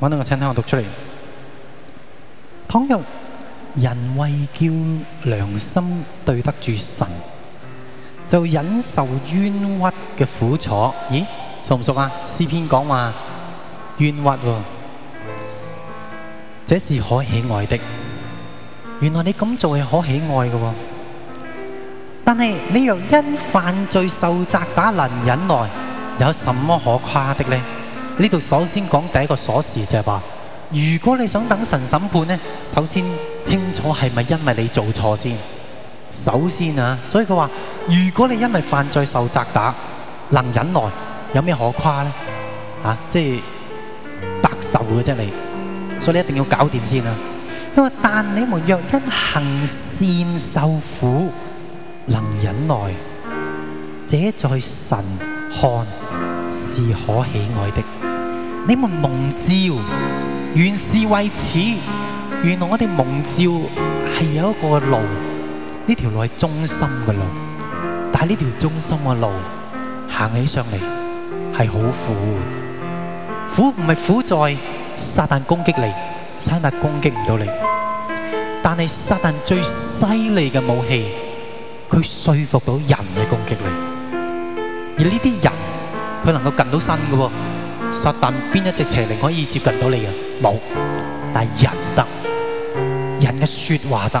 揾到個請聽我讀出嚟。倘若人為叫良心對得住神。就忍受冤屈嘅苦楚，咦，熟唔熟啊？詩篇講話冤屈喎，這是可喜愛的。原來你咁做係可喜愛嘅、哦，但係你又因犯罪受責打能忍耐，有什麼可誇的呢？呢度首先講第一個鎖匙就係、是、話，如果你想等神審判呢，首先清楚係咪因為你做錯先。首先啊，所以佢話：如果你因為犯罪受責打，能忍耐，有咩可誇咧？啊，即係白受嘅啫你，所以你一定要搞掂先啊！因為但你們若因行善受苦，能忍耐，這在神看是可喜愛的。你們蒙召原是為此，原來我哋蒙召係有一個路。呢條路係忠心嘅路，但係呢條忠心嘅路行起上嚟係好苦，苦唔係苦在撒旦攻擊你，撒旦攻擊唔到你，但係撒旦最犀利嘅武器，佢説服到人嚟攻擊你。而呢啲人佢能夠近到身㗎喎，撒旦邊一隻邪靈可以接近到你呀？冇，但係人得，人嘅説話得。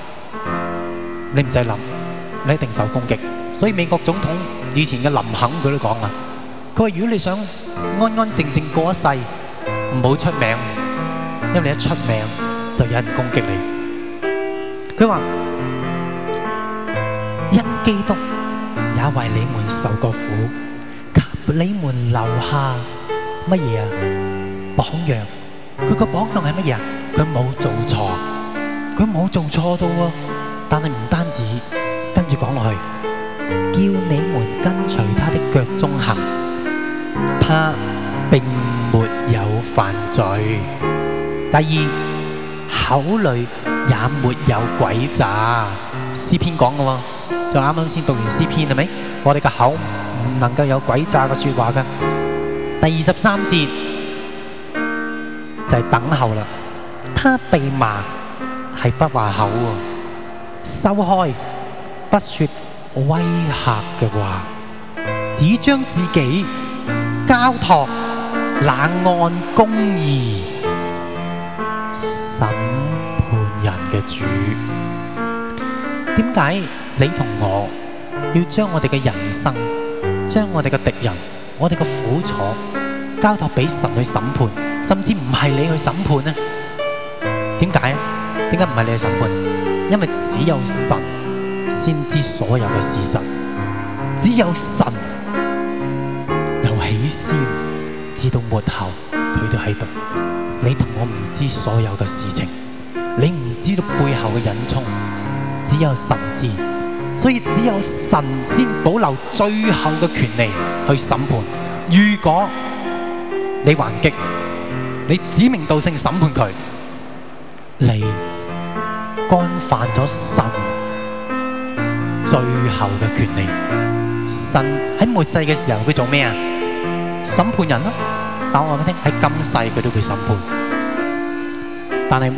你唔使諗，你一定受攻擊。所以美國總統以前嘅林肯佢都講啊，佢話如果你想安安靜靜過一世，唔好出名，因為你一出名就有人攻擊你。佢話說 因基督也為你們受過苦，給你們留下乜嘢啊？榜樣。佢個榜樣係乜嘢啊？佢冇做錯，佢冇做錯到。但係唔單止跟住講落去，叫你們跟隨他的腳蹤行，他並沒有犯罪。第二，口裡也沒有鬼詐。詩篇講嘅喎，就啱啱先讀完詩篇係咪？我哋嘅口唔能夠有鬼詐嘅説話㗎。第二十三節就係等候啦。他被罵係不還口喎。受害，不說威嚇嘅話，只將自己交託冷案公義審判人嘅主。點解你同我要將我哋嘅人生、將我哋嘅敵人、我哋嘅苦楚交託俾神去審判，甚至唔係你去審判呢？點解？點解唔係你去審判？因為只有神先知所有嘅事實，只有神由起先至到末後佢都喺度。你同我唔知所有嘅事情，你唔知道背後嘅隱衷，只有神知。所以只有神先保留最後嘅權利去審判。如果你還擊，你指名道姓審判佢，你。干犯咗神最後嘅權利。神喺末世嘅時候佢做咩啊？審判人啦、啊。但我話俾你聽喺今世佢都會審判。但係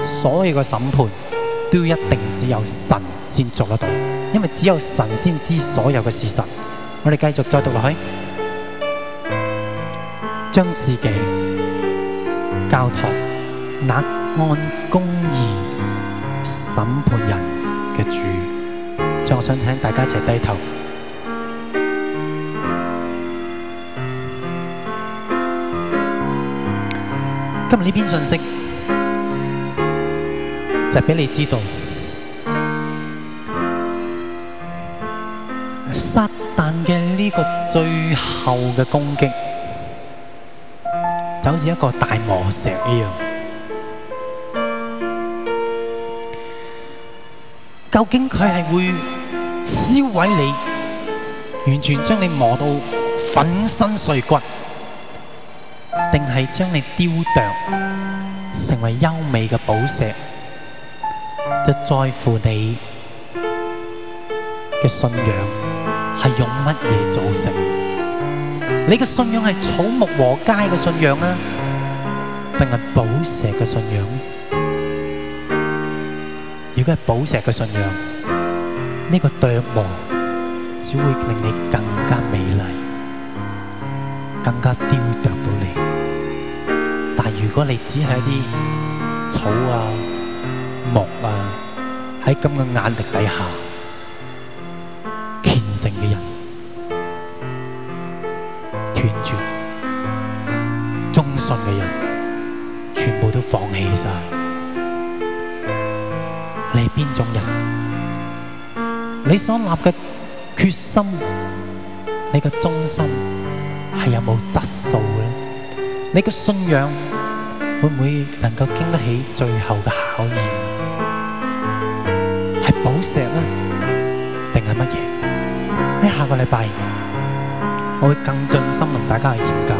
所有嘅審判都一定只有神先做得到，因為只有神先知所有嘅事實。我哋繼續再讀落去，將自己交託那按公義審判人嘅主，我想請大家一齊低頭。今日呢篇信息就係俾你知道，撒但嘅呢個最後嘅攻擊，就好似一個大磨石一樣。究竟佢係會燒毀你，完全將你磨到粉身碎骨，定係將你雕琢成為優美嘅寶石？就在乎你嘅信仰係用乜嘢做成？你嘅信仰係草木禾稭嘅信仰啊，定係寶石嘅信仰？如果係寶石嘅信仰，呢、這個琢磨只會令你更加美麗，更加雕琢到你。但如果你只係一啲草啊、木啊，喺咁嘅壓力底下，虔誠嘅人斷絕，忠信嘅人全部都放棄晒。眾人，你所立嘅決心，你嘅忠心係有冇質素咧？你嘅信仰會唔會能夠經得起最後嘅考驗？係寶石咧，定係乜嘢？喺下個禮拜，我會更盡心同大家研究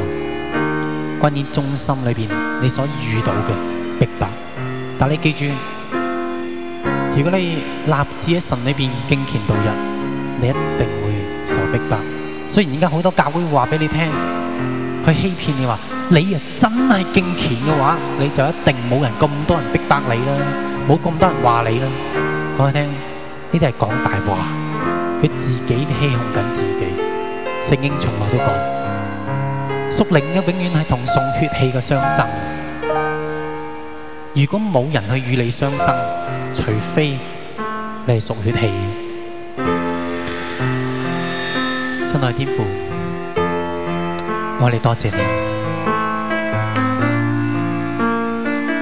關於忠心裏邊你所遇到嘅逼迫，但你記住。如果你立志喺神裏面，敬虔度日，你一定會受逼迫。雖然而家好多教會話俾你聽，佢欺騙你話， 你啊真係敬虔嘅話，你就一定冇人咁多人逼迫你啦，冇咁多人話你啦。我聽，呢啲係講大話，佢自己欺哄緊自己。聖經從來都講，屬靈嘅永遠係同送血氣嘅相爭。如果冇人去與你相爭，除非你係屬血氣嘅。神啊，親愛嘅天父，我哋多謝你。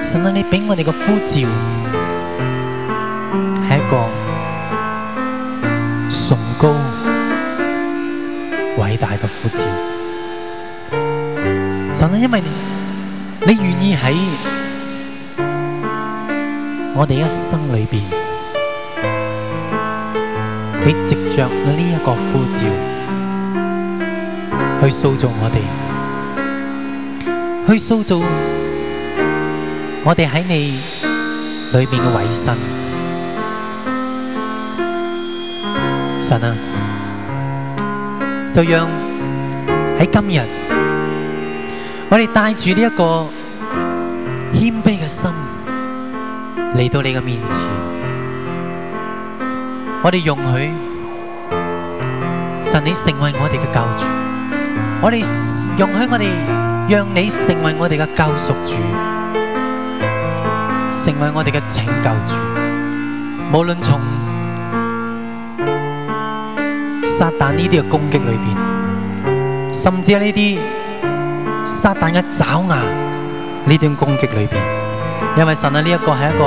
神啊，你俾我哋嘅呼召係一個崇高偉大嘅呼召。神啊，因為你願意喺我哋一生裏邊，你藉著呢一個呼召，去塑造我哋，去塑造我哋喺你裏邊嘅委身。神啊，就讓喺今日，我哋帶住呢一個謙卑嘅心。嚟到你嘅面前，我哋容許神你成為我哋嘅救主，我哋容許我哋讓你成為我哋嘅救贖主，成為我哋嘅拯救主。無論從撒旦呢啲嘅攻擊裏邊，甚至係呢啲撒旦嘅爪牙呢啲攻擊裏邊，因為神呢、啊、一、這個係一個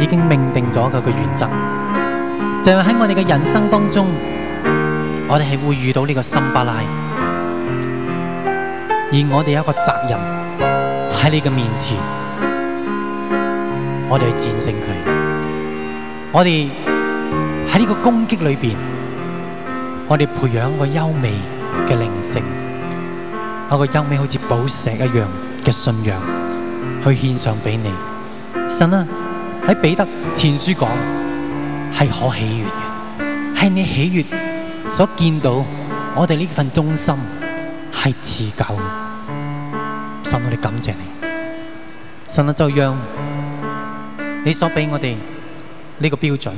已經命定咗嘅原則，就係、是、喺我哋嘅人生當中，我哋係會遇到呢個辛巴拉，而我哋有一個責任喺你嘅面前，我哋去戰勝佢，我哋喺呢個攻擊裏邊，我哋培養一個優美嘅靈性，一個優美好似寶石一樣。嘅信仰去獻上俾你，神啊。喺彼得前書講係可喜悦嘅，係你喜悦所見到我哋呢份忠心係持久嘅，神我哋感謝你，神啊，就讓你所俾我哋呢個標準，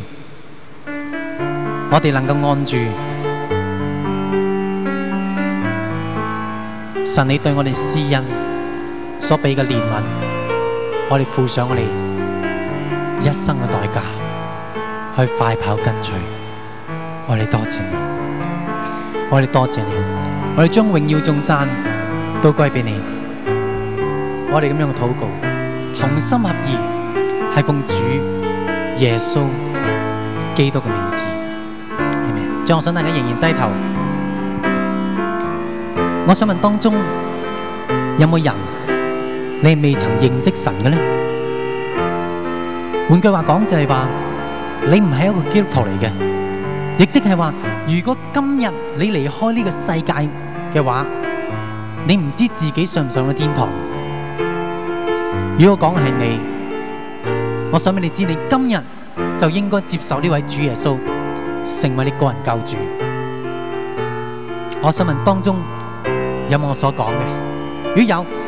我哋能夠按住神你對我哋施恩，所俾嘅憐憫，我哋付上我哋一生嘅代價，去快跑跟隨。我哋多謝你，我哋多謝你，我哋將榮耀頌讚都歸俾你。我哋咁樣嘅禱告，同心合意，係奉主耶穌基督嘅名字。再我想大家仍然低頭，我想問當中有冇人？你未曾認識神嘅咧？換句話講，就係話你唔係一個基督徒嚟嘅，亦即係話，如果今日你離開呢個世界嘅話，你唔知自己上唔上到天堂。如果講係你，我想畀你知，你今日就應該接受呢位主耶穌成為你個人救主。我想問當中有冇我所講嘅？如果有。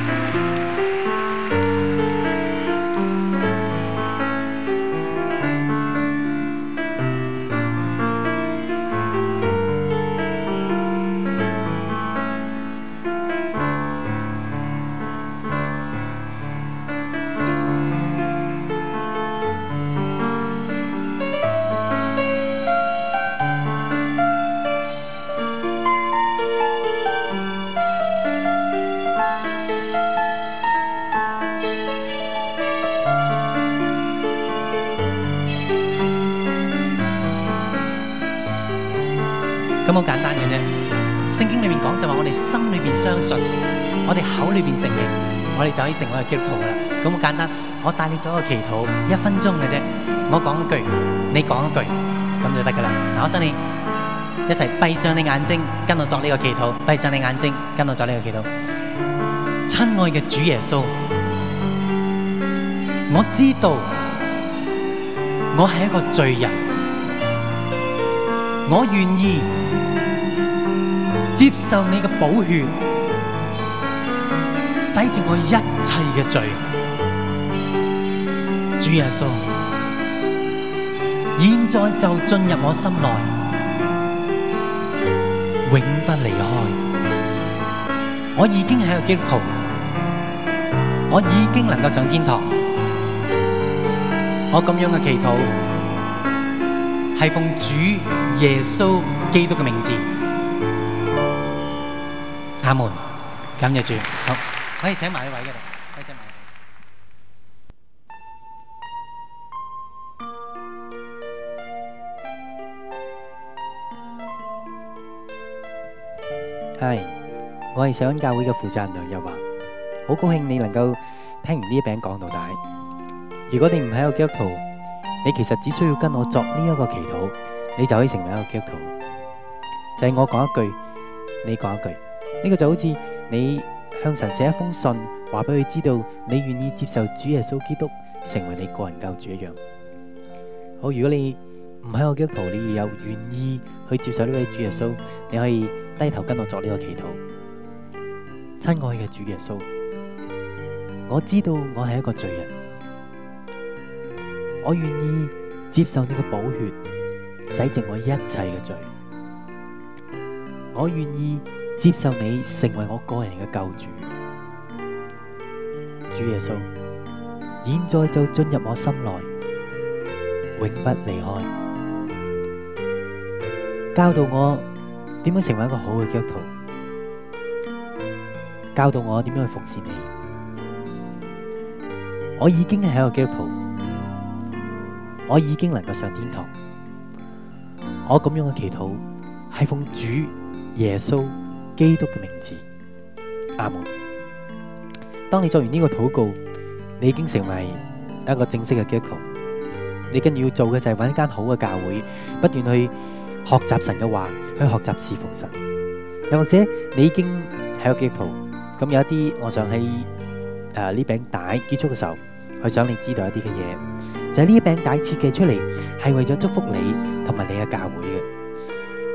心裏邊相信，我哋口裏邊承認，我哋就可以成為一個基督徒噶啦。咁好簡單，我帶你做一個祈禱，一分鐘嘅啫。我講一句，你講一句，咁就得噶啦。嗱，我想你一齊閉上你眼睛，跟我作呢個祈禱。閉上你眼睛，跟我做呢個祈禱。親愛嘅主耶穌，我知道我係一個罪人，我願意。接受你嘅寶血，洗淨我一切嘅罪。主耶穌，現在就進入我心內，永不離開。我已經係個基督徒，我已經能夠上天堂。我咁樣嘅祈禱，係奉主耶穌基督嘅名字。阿們，咁就住好，可以請埋呢位噶啦，可以請埋。係，我係上恩教會嘅負責人梁日華，好高興你能夠聽完呢一餅講到大。如果你唔係一個基督徒，你其實只需要跟我作呢一個祈禱，你就可以成為一個基督徒。就係我講一句，你講一句。呢個就好似你向神寫一封信，話俾佢知道你願意接受主耶穌基督成為你個人救主一樣。好，如果你唔喺我基督徒，你有願意去接受呢位主耶穌，你可以低頭跟我作呢個祈禱。親愛嘅主耶穌，我知道我係一個罪人，我願意接受呢個寶血洗淨我一切嘅罪，我願意。接受你成為我個人嘅救主，主耶穌，現在就進入我心內，永不離開，教導我點樣成為一個好嘅基督徒，教導我點樣去服侍你。我已經係一個基督徒，我已經能夠上天堂。我咁樣嘅祈禱，係奉主耶穌，基督嘅名字，阿門。當你做完呢個禱告，你已經成為一個正式嘅基督徒。你跟住要做嘅就係揾一間好嘅教會，不斷去學習神嘅話，去學習侍奉神。又或者你已經係個基督徒，咁有一啲，我想喺誒呢餅帶結束嘅時候，去想你知道一啲嘅嘢，就係呢餅帶設計出嚟，係為咗祝福你同埋你嘅教會嘅。